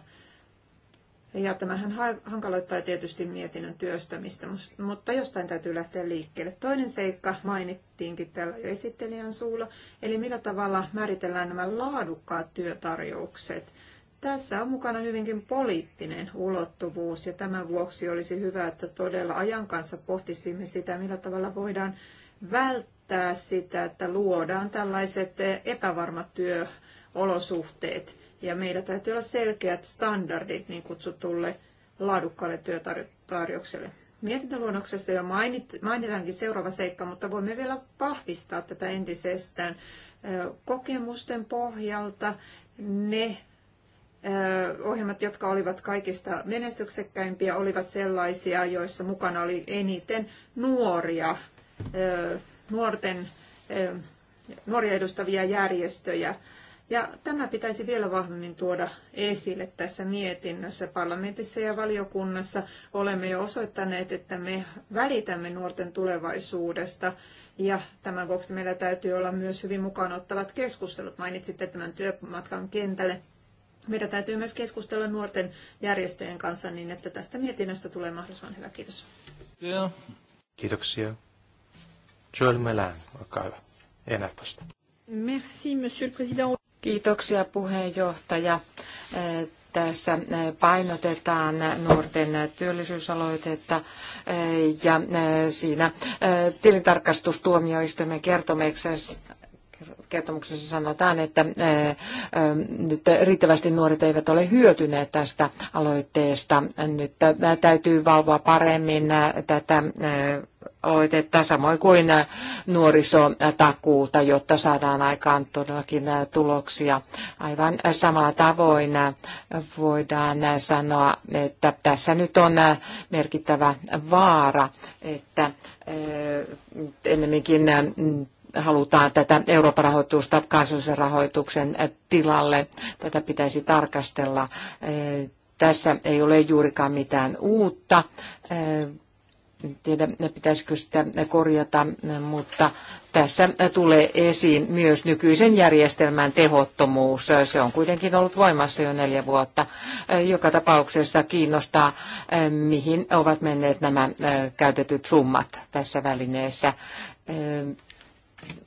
Ja tämähän hankaloittaa tietysti mietinnön työstämistä, mutta jostain täytyy lähteä liikkeelle. Toinen seikka mainittiinkin täällä jo esittelijän suulla, eli millä tavalla määritellään nämä laadukkaat työtarjoukset – tässä on mukana hyvinkin poliittinen ulottuvuus ja tämän vuoksi olisi hyvä, että todella ajan kanssa pohtisimme sitä, millä tavalla voidaan välttää sitä, että luodaan tällaiset epävarmat työolosuhteet. Ja meillä täytyy olla selkeät standardit niin kutsutulle laadukkaalle työtarjoukselle. Mietintöluonnoksessa jo mainit, mainitaankin seuraava seikka, mutta voimme vielä vahvistaa tätä entisestään kokemusten pohjalta. Ne ohjelmat, jotka olivat kaikista menestyksekkäimpiä, olivat sellaisia, joissa mukana oli eniten nuoria, nuorten, nuoria edustavia järjestöjä. Ja tämä pitäisi vielä vahvemmin tuoda esille tässä mietinnössä. Parlamentissa ja valiokunnassa olemme jo osoittaneet, että me välitämme nuorten tulevaisuudesta. Ja tämän vuoksi meillä täytyy olla myös hyvin mukaanottavat keskustelut. Mainitsitte tämän työmatkan kentälle meidän täytyy myös keskustella nuorten järjestöjen kanssa niin, että tästä mietinnöstä tulee mahdollisimman hyvä. Kiitos. Joo. Kiitoksia. Joel Melan, olkaa hyvä. Enäpästä. Merci, monsieur le président. Kiitoksia puheenjohtaja. Tässä painotetaan nuorten työllisyysaloitetta ja siinä tilintarkastustuomioistuimen kertomuksessa kertomuksessa sanotaan, että nyt riittävästi nuoret eivät ole hyötyneet tästä aloitteesta. Nyt täytyy valvoa paremmin tätä aloitetta, samoin kuin nuorisotakuuta, jotta saadaan aikaan todellakin tuloksia. Aivan samalla tavoin voidaan sanoa, että tässä nyt on merkittävä vaara, että ennemminkin halutaan tätä rahoitusta kansallisen rahoituksen eh, tilalle. Tätä pitäisi tarkastella. Eh, tässä ei ole juurikaan mitään uutta. Eh, en tiedä, pitäisikö sitä korjata, mutta tässä tulee esiin myös nykyisen järjestelmän tehottomuus. Se on kuitenkin ollut voimassa jo neljä vuotta. Joka tapauksessa kiinnostaa, mihin ovat menneet nämä käytetyt summat tässä välineessä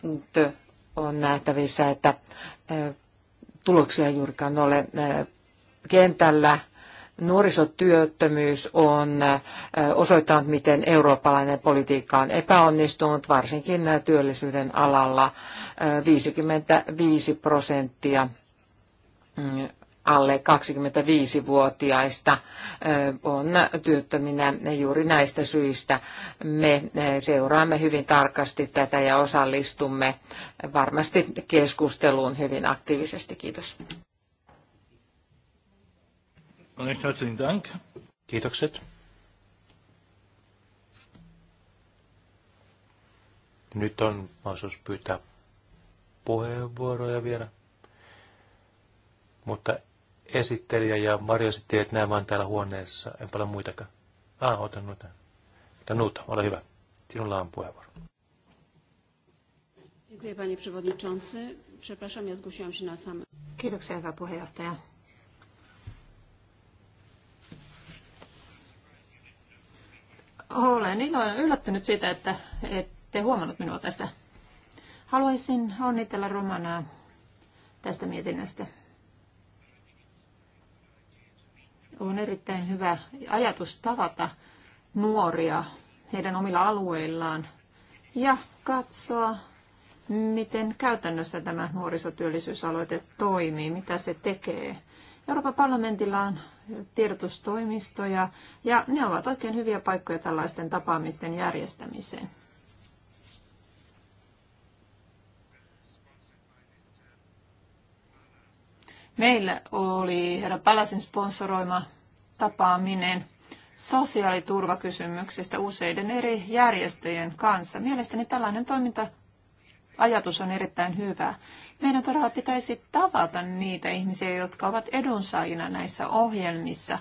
nyt on nähtävissä, että tuloksia juurikaan ole kentällä. Nuorisotyöttömyys on osoittanut, miten eurooppalainen politiikka on epäonnistunut, varsinkin työllisyyden alalla 55 prosenttia mm, alle 25-vuotiaista on työttöminä juuri näistä syistä. Me seuraamme hyvin tarkasti tätä ja osallistumme varmasti keskusteluun hyvin aktiivisesti. Kiitos. Kiitokset. Nyt on mahdollisuus pyytää puheenvuoroja vielä. Mutta esittelijä ja Mario sitten, että nämä vaan täällä huoneessa, en paljon muitakaan. Ah, otan noita. nyt, ole hyvä. Sinulla on puheenvuoro. Kiitoksia, hyvä puheenjohtaja. Olen iloinen yllättynyt siitä, että ette huomannut minua tästä. Haluaisin onnitella Romanaa tästä mietinnöstä. on erittäin hyvä ajatus tavata nuoria heidän omilla alueillaan ja katsoa, miten käytännössä tämä nuorisotyöllisyysaloite toimii, mitä se tekee. Euroopan parlamentilla on tiedotustoimistoja ja ne ovat oikein hyviä paikkoja tällaisten tapaamisten järjestämiseen. Meillä oli herra Palasin sponsoroima tapaaminen sosiaaliturvakysymyksistä useiden eri järjestöjen kanssa. Mielestäni tällainen toiminta ajatus on erittäin hyvä. Meidän todella pitäisi tavata niitä ihmisiä, jotka ovat edunsaajina näissä ohjelmissa.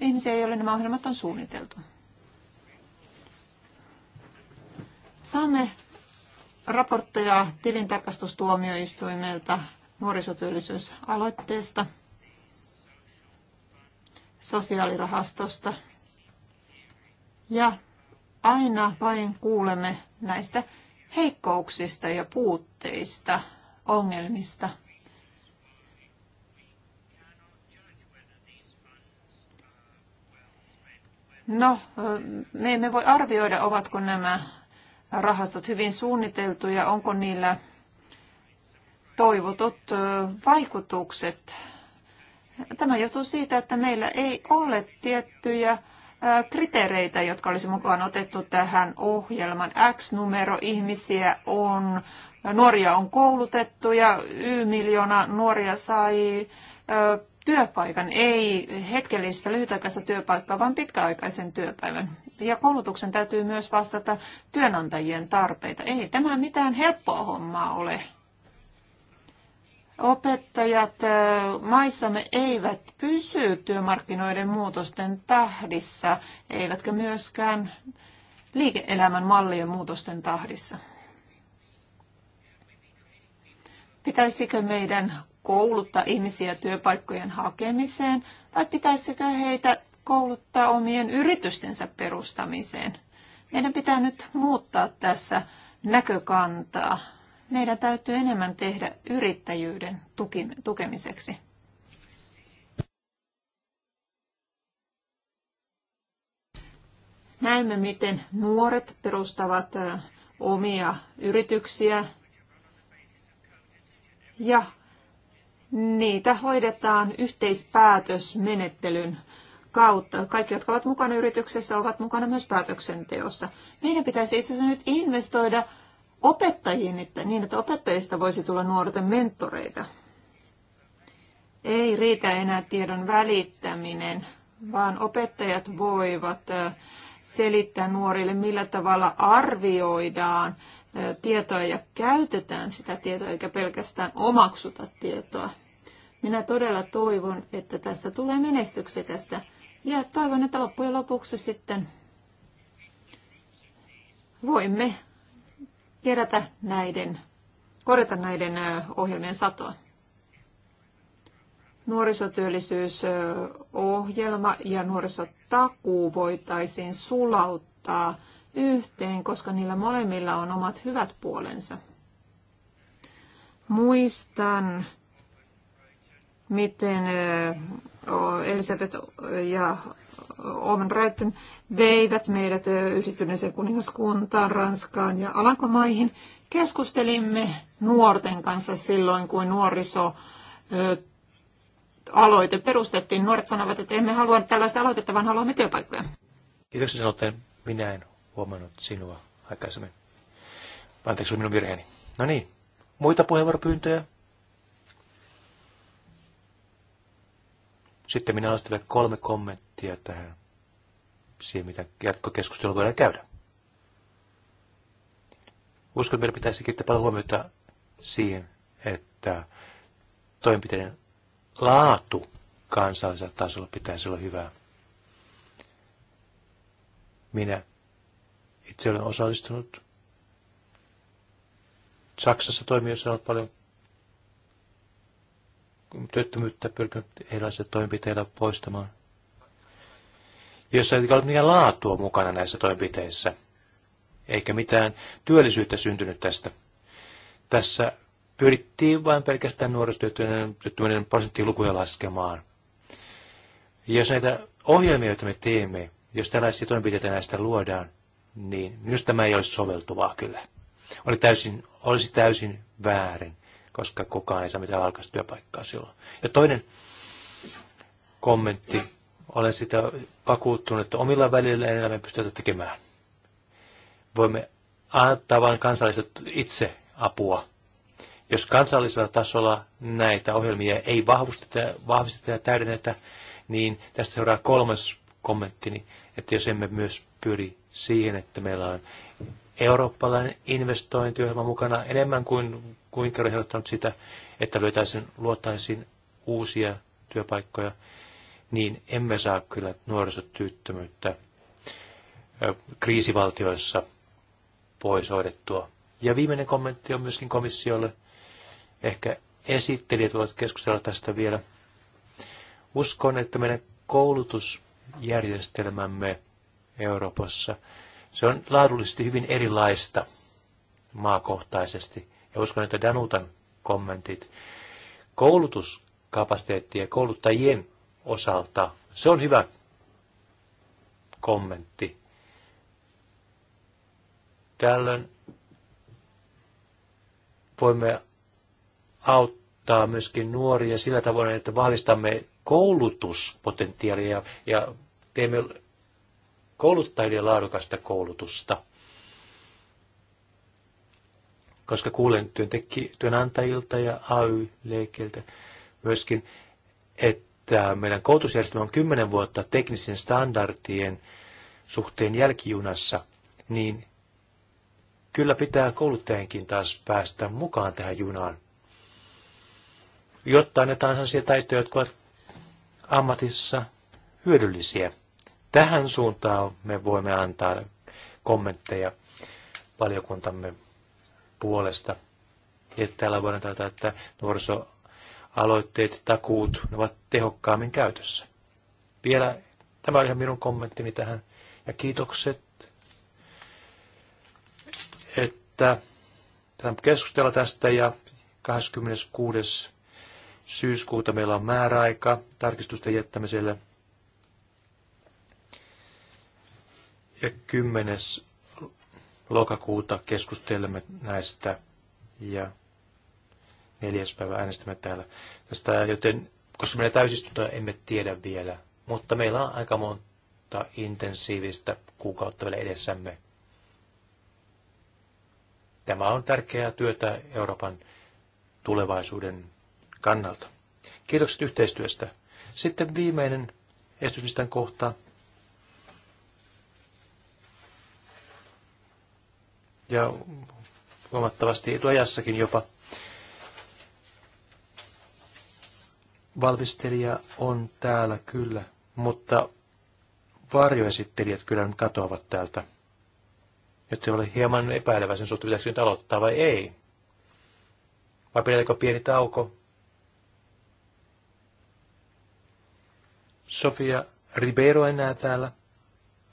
Ihmisiä, joille nämä ohjelmat on suunniteltu. Saamme raportteja tilintarkastustuomioistuimelta nuorisotyöllisyysaloitteesta, sosiaalirahastosta ja aina vain kuulemme näistä heikkouksista ja puutteista, ongelmista. No, me emme voi arvioida, ovatko nämä rahastot hyvin suunniteltuja, onko niillä toivotut vaikutukset. Tämä johtuu siitä, että meillä ei ole tiettyjä kriteereitä, jotka olisi mukaan otettu tähän ohjelman. X-numero ihmisiä on, nuoria on koulutettu ja Y-miljoona nuoria sai työpaikan, ei hetkellistä lyhytaikaista työpaikkaa, vaan pitkäaikaisen työpäivän. Ja koulutuksen täytyy myös vastata työnantajien tarpeita. Ei tämä mitään helppoa hommaa ole. Opettajat maissamme eivät pysy työmarkkinoiden muutosten tahdissa, eivätkä myöskään liike-elämän mallien muutosten tahdissa. Pitäisikö meidän kouluttaa ihmisiä työpaikkojen hakemiseen vai pitäisikö heitä kouluttaa omien yritystensä perustamiseen? Meidän pitää nyt muuttaa tässä näkökantaa meidän täytyy enemmän tehdä yrittäjyyden tukemiseksi. Näemme, miten nuoret perustavat omia yrityksiä ja niitä hoidetaan yhteispäätösmenettelyn kautta. Kaikki, jotka ovat mukana yrityksessä, ovat mukana myös päätöksenteossa. Meidän pitäisi itse asiassa nyt investoida opettajiin, että niin että opettajista voisi tulla nuorten mentoreita. Ei riitä enää tiedon välittäminen, vaan opettajat voivat selittää nuorille, millä tavalla arvioidaan tietoa ja käytetään sitä tietoa, eikä pelkästään omaksuta tietoa. Minä todella toivon, että tästä tulee menestyksekästä ja toivon, että loppujen lopuksi sitten voimme kerätä näiden, korjata näiden ohjelmien satoa. Nuorisotyöllisyysohjelma ja nuorisotakuu voitaisiin sulauttaa yhteen, koska niillä molemmilla on omat hyvät puolensa. Muistan, miten Elisabeth ja Omen Reuten veivät meidät yhdistyneeseen kuningaskuntaan, Ranskaan ja Alankomaihin. Keskustelimme nuorten kanssa silloin, kun nuoriso aloite perustettiin. Nuoret sanovat, että emme halua tällaista aloitetta, vaan haluamme työpaikkoja. Kiitoksia sanotte. Minä en huomannut sinua aikaisemmin. Anteeksi, minun virheeni. No niin, muita puheenvuoropyyntöjä? Sitten minä olen teille kolme kommenttia tähän, siihen mitä jatkokeskustelua voidaan käydä. Uskon, että meidän pitäisi kiinnittää paljon huomiota siihen, että toimenpiteiden laatu kansallisella tasolla pitäisi olla hyvää. Minä itse olen osallistunut Saksassa toimijoissa on paljon työttömyyttä pyrkinyt erilaisilla toimenpiteillä poistamaan. Jos ei ole mitään laatua mukana näissä toimenpiteissä, eikä mitään työllisyyttä syntynyt tästä. Tässä pyrittiin vain pelkästään nuorisotyöttömyyden prosenttilukuja laskemaan. Jos näitä ohjelmia, joita me teemme, jos tällaisia toimenpiteitä näistä luodaan, niin minusta tämä ei olisi soveltuvaa kyllä. Oli täysin, olisi täysin väärin koska kukaan ei saa mitään valkoista työpaikkaa silloin. Ja toinen kommentti, olen sitä vakuuttunut, että omilla välillä elämme pystytään tekemään. Voimme antaa vain kansalliset itse apua. Jos kansallisella tasolla näitä ohjelmia ei vahvisteta, vahvisteta ja täydennetä, niin tästä seuraa kolmas kommenttini, että jos emme myös pyri siihen, että meillä on eurooppalainen investointiohjelma mukana enemmän kuin kuinka olen sitä, että löytäisiin, luotaisiin uusia työpaikkoja, niin emme saa kyllä nuorisotyyttömyyttä kriisivaltioissa pois hoidettua. Ja viimeinen kommentti on myöskin komissiolle. Ehkä esittelijät voivat keskustella tästä vielä. Uskon, että meidän koulutusjärjestelmämme Euroopassa, se on laadullisesti hyvin erilaista maakohtaisesti ja uskon, että Danutan kommentit koulutuskapasiteetti ja kouluttajien osalta, se on hyvä kommentti. Tällöin voimme auttaa myöskin nuoria sillä tavoin, että vahvistamme koulutuspotentiaalia ja, ja teemme kouluttajille laadukasta koulutusta koska kuulen työntekki, työnantajilta ja AY-liikkeeltä myöskin, että meidän koulutusjärjestelmä on kymmenen vuotta teknisen standardien suhteen jälkijunassa, niin kyllä pitää kouluttajienkin taas päästä mukaan tähän junaan, jotta annetaan sellaisia taitoja, jotka ovat ammatissa hyödyllisiä. Tähän suuntaan me voimme antaa kommentteja valiokuntamme puolesta. Että täällä voidaan todeta, että nuorisoaloitteet, takuut, ne ovat tehokkaammin käytössä. Vielä tämä oli ihan minun kommenttini tähän. Ja kiitokset, että keskustella tästä ja 26. syyskuuta meillä on määräaika tarkistusten jättämiselle. Ja 10 lokakuuta keskustelemme näistä ja neljäs päivä äänestämme täällä tästä, joten koska meidän täysistuntoa emme tiedä vielä, mutta meillä on aika monta intensiivistä kuukautta vielä edessämme. Tämä on tärkeää työtä Euroopan tulevaisuuden kannalta. Kiitokset yhteistyöstä. Sitten viimeinen esityslistan kohta ja huomattavasti etuajassakin jopa. Valmistelija on täällä kyllä, mutta varjoesittelijät kyllä nyt katoavat täältä. ei oli hieman sen suhteen, pitäisikö nyt aloittaa vai ei. Vai pidetäänkö pieni tauko? Sofia Ribeiro en täällä.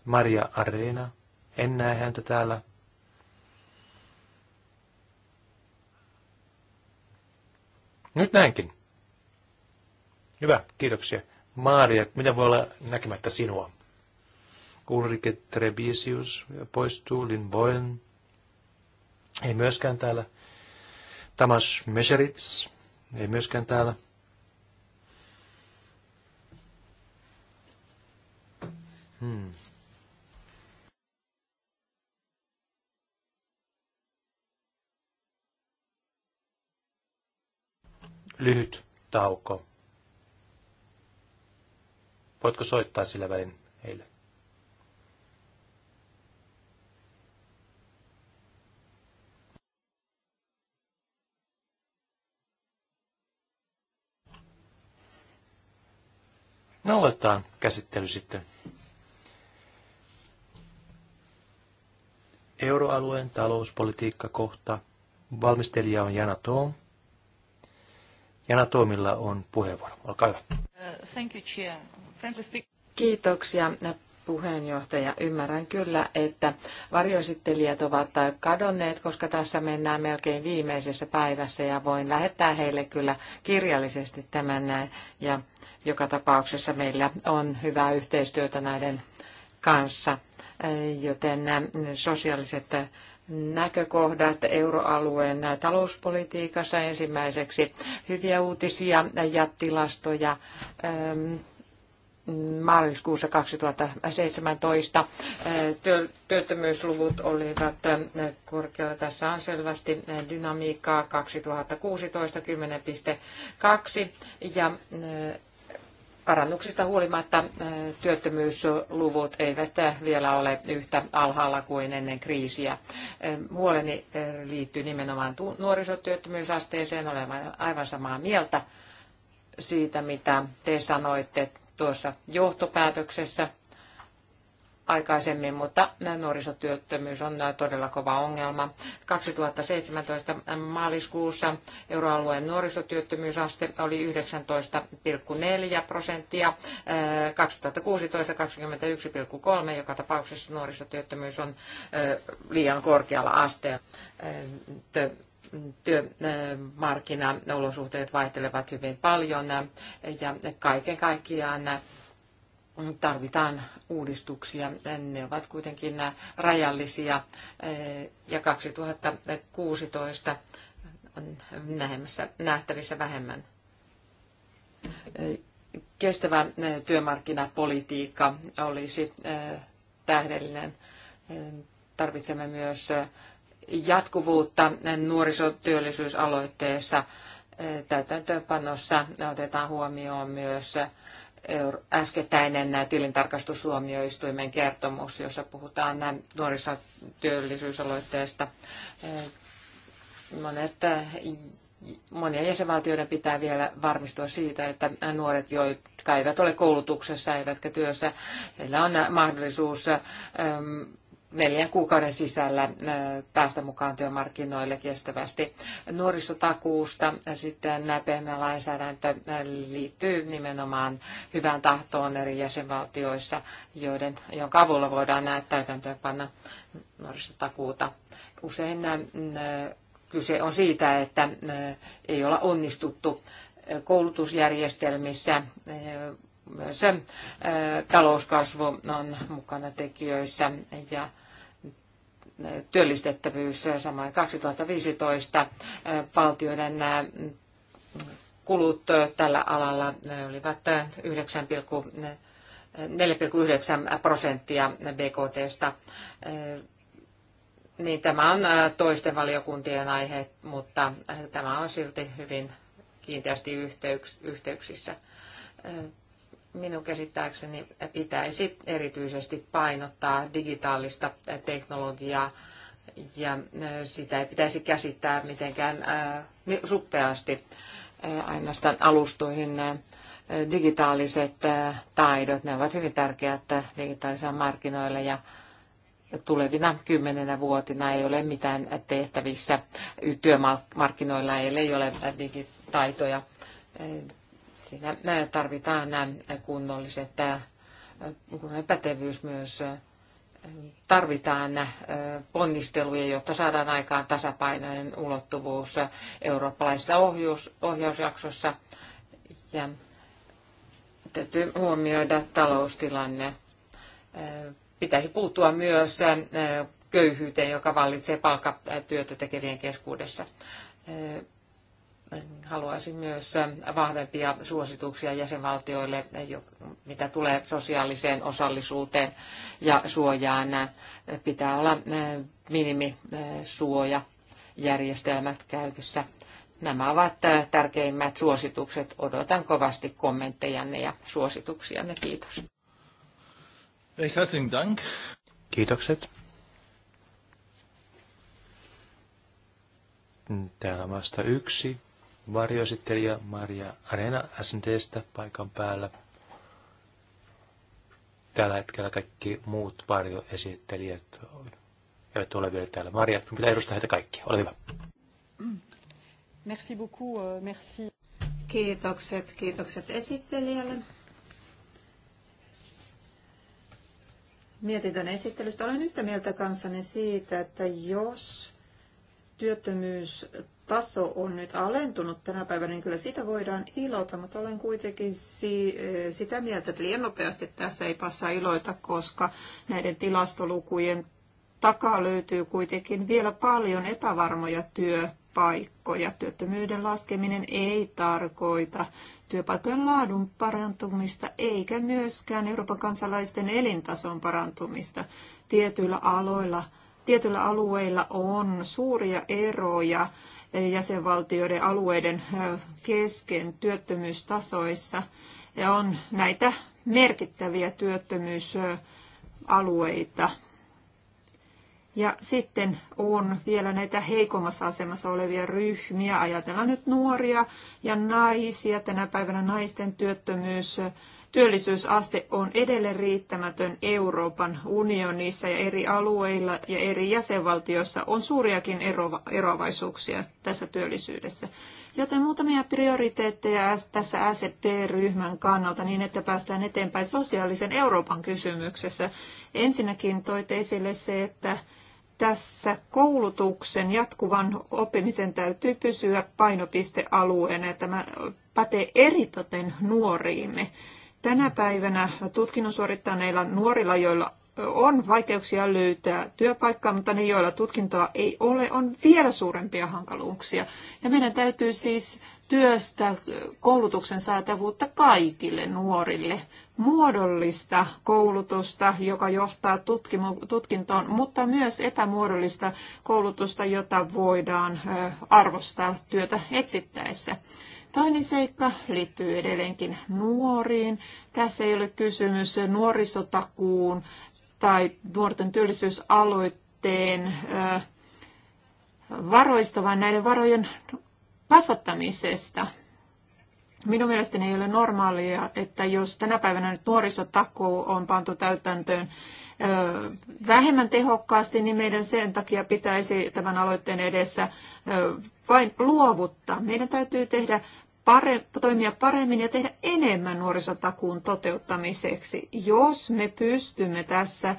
Maria Arena, en näe häntä täällä. Nyt näinkin. Hyvä, kiitoksia. Maaria, mitä voi olla näkemättä sinua? Ulrike Trebisius poistuu, Linvoin. ei myöskään täällä. Tamas Meserits. ei myöskään täällä. Hmm. lyhyt tauko. Voitko soittaa sillä välin heille? No aloitetaan käsittely sitten. Euroalueen talouspolitiikka kohta. Valmistelija on Jana Toom. Jana Tuomilla on puheenvuoro. Olkaa hyvä. Thank you, Chair. Kiitoksia puheenjohtaja. Ymmärrän kyllä, että varjoesittelijät ovat kadonneet, koska tässä mennään melkein viimeisessä päivässä ja voin lähettää heille kyllä kirjallisesti tämän näin. Ja joka tapauksessa meillä on hyvää yhteistyötä näiden kanssa, joten sosiaaliset näkökohdat euroalueen talouspolitiikassa ensimmäiseksi. Hyviä uutisia ja tilastoja ähm, maaliskuussa 2017 äh, työttömyysluvut olivat äh, korkealla. Tässä on selvästi äh, dynamiikkaa 2016 10,2 ja Parannuksista huolimatta äh, työttömyysluvut eivät äh, vielä ole yhtä alhaalla kuin ennen kriisiä. Äh, huoleni liittyy nimenomaan nuorisotyöttömyysasteeseen. Olen aivan samaa mieltä siitä, mitä te sanoitte tuossa johtopäätöksessä aikaisemmin, mutta nuorisotyöttömyys on äh, todella kova ongelma. 2017 maaliskuussa euroalueen nuorisotyöttömyysaste oli 19,4 prosenttia, 2016 äh, 21,3, joka tapauksessa nuorisotyöttömyys on äh, liian korkealla asteella työmarkkinaolosuhteet vaihtelevat hyvin paljon ja kaiken kaikkiaan tarvitaan uudistuksia. Ne ovat kuitenkin rajallisia ja 2016 on nähtävissä vähemmän kestävä työmarkkinapolitiikka olisi tähdellinen. Tarvitsemme myös jatkuvuutta nuorisotyöllisyysaloitteessa. Täytäntöönpanossa otetaan huomioon myös äskettäinen tilintarkastusuomioistuimen kertomus, jossa puhutaan nuorisotyöllisyysaloitteesta. Monet, monien jäsenvaltioiden pitää vielä varmistua siitä, että nuoret, jotka eivät ole koulutuksessa eivätkä työssä, heillä on mahdollisuus neljän kuukauden sisällä äh, päästä mukaan työmarkkinoille kestävästi. Nuorisotakuusta sitten pehmeä lainsäädäntö äh, liittyy nimenomaan hyvään tahtoon eri jäsenvaltioissa, joiden, jonka avulla voidaan näitä täytäntöönpanna nuorisotakuuta. Usein äh, kyse on siitä, että ei olla onnistuttu koulutusjärjestelmissä myös äh, talouskasvu on mukana tekijöissä ja äh, työllistettävyys äh, samoin 2015 valtioiden kulut tällä alalla olivat 9, 4,9 prosenttia BKTstä. Niin tämä on toisten valiokuntien aihe, mutta tämä on silti hyvin kiinteästi yhteyksissä minun käsittääkseni pitäisi erityisesti painottaa digitaalista teknologiaa ja sitä ei pitäisi käsittää mitenkään suppeasti ainoastaan alustoihin. Digitaaliset taidot, ne ovat hyvin tärkeät digitaalisilla markkinoilla ja tulevina kymmenenä vuotina ei ole mitään tehtävissä työmarkkinoilla, ei ole digitaitoja Siinä tarvitaan kunnolliset pätevyys myös. Tarvitaan ponnisteluja, jotta saadaan aikaan tasapainoinen ulottuvuus eurooppalaisessa ohjaus, ohjausjaksossa. Ja täytyy huomioida taloustilanne. Pitäisi puuttua myös köyhyyteen, joka vallitsee palkkatyötä tekevien keskuudessa haluaisin myös äh, vahvempia suosituksia jäsenvaltioille, äh, mitä tulee sosiaaliseen osallisuuteen ja suojaan. Äh, pitää olla minimisuojajärjestelmät käytössä. Nämä ovat tärkeimmät suositukset. Odotan kovasti kommenttejanne ja suosituksianne. Kiitos. Kiitokset. Täällä on vasta yksi varjoesittelijä Maria Arena SNTstä paikan päällä. Tällä hetkellä kaikki muut varjoesittelijät eivät ole vielä täällä. Maria, pitää edustaa heitä kaikkia. Ole hyvä. Merci beaucoup, euh, merci. Kiitokset, kiitokset esittelijälle. Mietintön esittelystä olen yhtä mieltä kanssani siitä, että jos työttömyys taso on nyt alentunut tänä päivänä, niin kyllä sitä voidaan iloita, mutta olen kuitenkin si- eh, sitä mieltä, että liian nopeasti tässä ei passaa iloita, koska näiden tilastolukujen takaa löytyy kuitenkin vielä paljon epävarmoja työpaikkoja. Työttömyyden laskeminen ei tarkoita työpaikkojen laadun parantumista eikä myöskään Euroopan kansalaisten elintason parantumista tietyillä aloilla. Tietyillä alueilla on suuria eroja jäsenvaltioiden alueiden kesken työttömyystasoissa. Ja on näitä merkittäviä työttömyysalueita. Ja sitten on vielä näitä heikommassa asemassa olevia ryhmiä. Ajatellaan nyt nuoria ja naisia. Tänä päivänä naisten työttömyys Työllisyysaste on edelleen riittämätön Euroopan unionissa ja eri alueilla ja eri jäsenvaltioissa on suuriakin eroavaisuuksia tässä työllisyydessä. Joten muutamia prioriteetteja tässä SD-ryhmän kannalta niin, että päästään eteenpäin sosiaalisen Euroopan kysymyksessä. Ensinnäkin toit esille se, että tässä koulutuksen jatkuvan oppimisen täytyy pysyä painopistealueena. Tämä pätee eritoten nuoriimme. Tänä päivänä tutkinnon suorittaneilla nuorilla, joilla on vaikeuksia löytää työpaikkaa, mutta ne, joilla tutkintoa ei ole, on vielä suurempia hankaluuksia. Ja meidän täytyy siis työstä koulutuksen saatavuutta kaikille nuorille, muodollista koulutusta, joka johtaa tutkintoon, mutta myös epämuodollista koulutusta, jota voidaan arvostaa työtä etsittäessä. Toinen seikka liittyy edelleenkin nuoriin. Tässä ei ole kysymys nuorisotakuun tai nuorten työllisyysaloitteen varoista, vaan näiden varojen kasvattamisesta. Minun mielestäni ei ole normaalia, että jos tänä päivänä nyt nuorisotaku on pantu täytäntöön vähemmän tehokkaasti, niin meidän sen takia pitäisi tämän aloitteen edessä vain luovuttaa. Meidän täytyy tehdä pare, toimia paremmin ja tehdä enemmän nuorisotakuun toteuttamiseksi, jos me pystymme tässä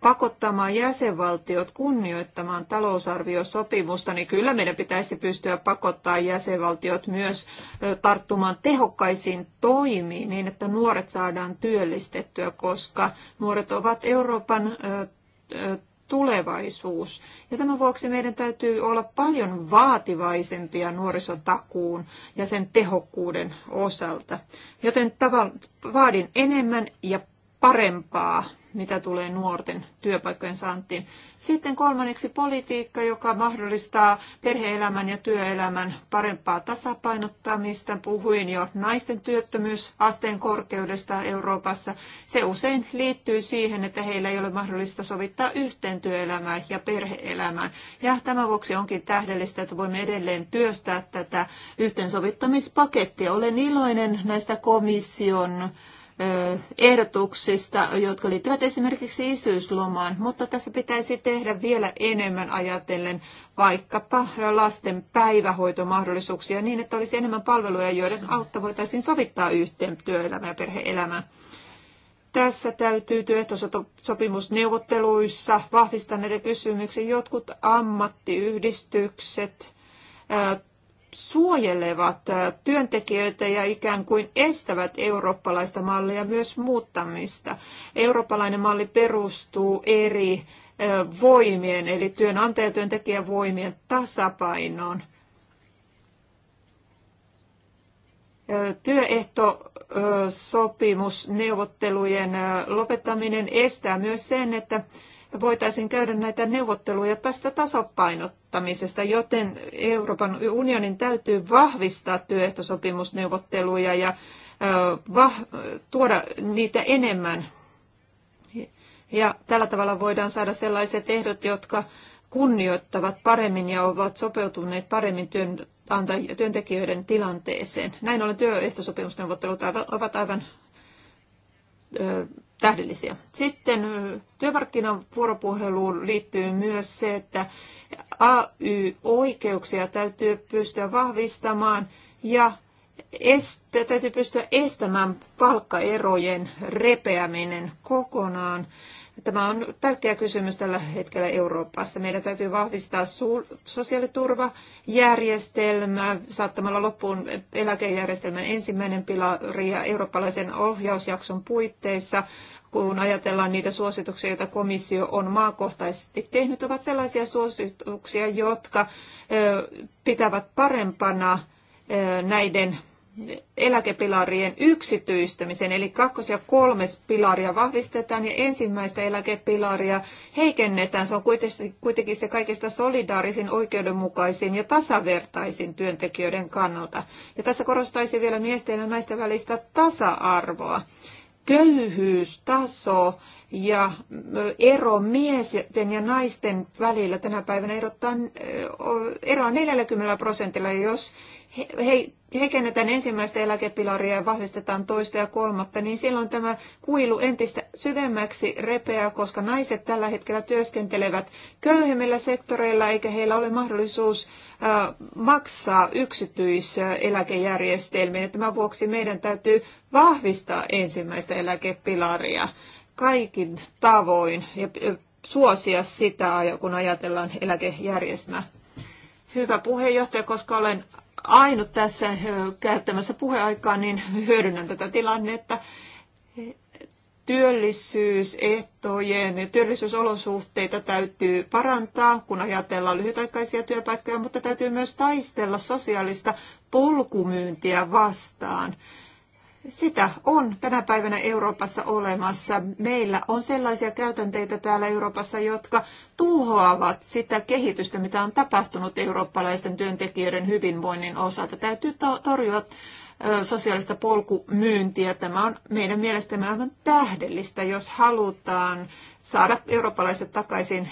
pakottamaan jäsenvaltiot kunnioittamaan talousarviosopimusta, niin kyllä meidän pitäisi pystyä pakottamaan jäsenvaltiot myös tarttumaan tehokkaisiin toimiin niin, että nuoret saadaan työllistettyä, koska nuoret ovat Euroopan tulevaisuus. Ja tämän vuoksi meidän täytyy olla paljon vaativaisempia nuorisotakuun ja sen tehokkuuden osalta. Joten tavan, vaadin enemmän ja parempaa mitä tulee nuorten työpaikkojen saantiin. Sitten kolmanneksi politiikka, joka mahdollistaa perheelämän ja työelämän parempaa tasapainottamista. Puhuin jo naisten työttömyysasteen korkeudesta Euroopassa. Se usein liittyy siihen, että heillä ei ole mahdollista sovittaa yhteen työelämää ja perheelämää. Ja tämän vuoksi onkin tähdellistä, että voimme edelleen työstää tätä yhteensovittamispakettia. Olen iloinen näistä komission ehdotuksista, jotka liittyvät esimerkiksi isyyslomaan, mutta tässä pitäisi tehdä vielä enemmän ajatellen vaikkapa lasten päivähoitomahdollisuuksia niin, että olisi enemmän palveluja, joiden autta voitaisiin sovittaa yhteen työelämä ja perhe-elämä. Tässä täytyy työehtosopimusneuvotteluissa vahvistaa näitä kysymyksiä. Jotkut ammattiyhdistykset suojelevat työntekijöitä ja ikään kuin estävät eurooppalaista mallia myös muuttamista. Eurooppalainen malli perustuu eri voimien, eli työnantaja- ja työntekijän voimien tasapainoon. Työehtosopimusneuvottelujen lopettaminen estää myös sen, että voitaisiin käydä näitä neuvotteluja tästä tasapainot, saavuttamisesta, joten Euroopan unionin täytyy vahvistaa työehtosopimusneuvotteluja ja tuoda niitä enemmän. Ja tällä tavalla voidaan saada sellaiset ehdot, jotka kunnioittavat paremmin ja ovat sopeutuneet paremmin työntekijöiden tilanteeseen. Näin ollen työehtosopimusneuvottelut ovat aivan tähdellisiä. Sitten työmarkkinan vuoropuheluun liittyy myös se, että AY-oikeuksia täytyy pystyä vahvistamaan ja estä, täytyy pystyä estämään palkkaerojen repeäminen kokonaan. Tämä on tärkeä kysymys tällä hetkellä Euroopassa. Meidän täytyy vahvistaa sosiaaliturvajärjestelmää saattamalla loppuun eläkejärjestelmän ensimmäinen pilari ja eurooppalaisen ohjausjakson puitteissa kun ajatellaan niitä suosituksia, joita komissio on maakohtaisesti tehnyt, ovat sellaisia suosituksia, jotka pitävät parempana näiden eläkepilarien yksityistämisen, eli kakkos- ja kolmes pilaria vahvistetaan ja ensimmäistä eläkepilaria heikennetään. Se on kuitenkin se kaikista solidaarisin, oikeudenmukaisin ja tasavertaisin työntekijöiden kannalta. Ja tässä korostaisin vielä miesten ja naisten välistä tasa-arvoa. Köyhyystaso ja ero miesten ja naisten välillä tänä päivänä erottaa, eroa 40 prosentilla. Ja jos heikennetään ensimmäistä eläkepilaria ja vahvistetaan toista ja kolmatta, niin silloin tämä kuilu entistä syvemmäksi repeää, koska naiset tällä hetkellä työskentelevät köyhemmillä sektoreilla, eikä heillä ole mahdollisuus maksaa yksityiseläkejärjestelmiä. Tämän vuoksi meidän täytyy vahvistaa ensimmäistä eläkepilaria kaikin tavoin ja suosia sitä, kun ajatellaan eläkejärjestelmää. Hyvä puheenjohtaja, koska olen ainut tässä käyttämässä puheaikaa, niin hyödynnän tätä tilannetta työllisyysehtojen ja työllisyysolosuhteita täytyy parantaa, kun ajatellaan lyhytaikaisia työpaikkoja, mutta täytyy myös taistella sosiaalista polkumyyntiä vastaan. Sitä on tänä päivänä Euroopassa olemassa. Meillä on sellaisia käytänteitä täällä Euroopassa, jotka tuhoavat sitä kehitystä, mitä on tapahtunut eurooppalaisten työntekijöiden hyvinvoinnin osalta. Täytyy to- torjua sosiaalista polkumyyntiä. Tämä on meidän mielestämme aivan tähdellistä, jos halutaan saada eurooppalaiset takaisin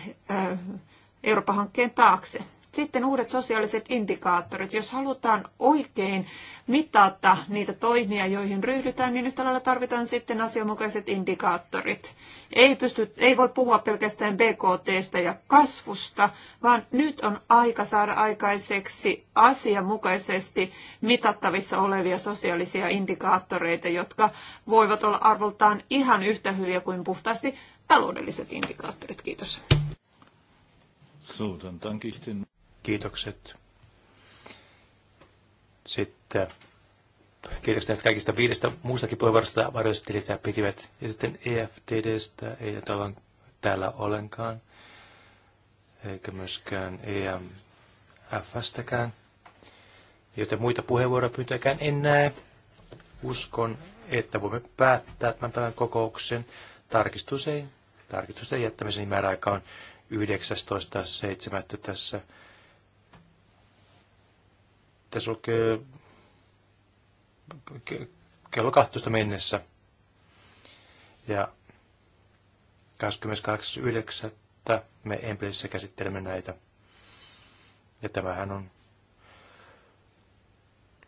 Euroopan hankkeen taakse. Sitten uudet sosiaaliset indikaattorit. Jos halutaan oikein mitata niitä toimia, joihin ryhdytään, niin yhtä lailla tarvitaan sitten asianmukaiset indikaattorit. Ei, pysty, ei voi puhua pelkästään BKTstä ja kasvusta, vaan nyt on aika saada aikaiseksi asianmukaisesti mitattavissa olevia sosiaalisia indikaattoreita, jotka voivat olla arvoltaan ihan yhtä hyviä kuin puhtaasti taloudelliset indikaattorit. Kiitos. So, dann danke ich den... Kiitokset. Sitten kiitokset näistä kaikista viidestä muustakin puheenvuorosta varoistelit ja pitivät. Ja sitten EFTDstä ei ole täällä ollenkaan, eikä myöskään EMFstäkään. Joten muita puheenvuoropyyntöjäkään en näe. Uskon, että voimme päättää tämän päivän kokouksen. Tarkistus ei, tarkistusten jättämisen määräaika on 19.7. tässä tässä lukee kello 12 mennessä. Ja 28.9. me Empelissä käsittelemme näitä. Ja tämähän on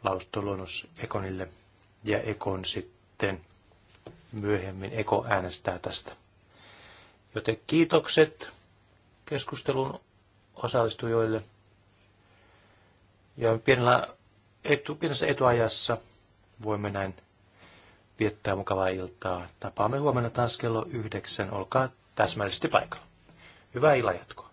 laustoluonnos Ekonille. Ja Ekon sitten myöhemmin Eko äänestää tästä. Joten kiitokset keskustelun osallistujoille. Ja pienellä etu, pienessä etuajassa voimme näin viettää mukavaa iltaa. Tapaamme huomenna taas kello yhdeksän. Olkaa täsmällisesti paikalla. Hyvää illanjatkoa.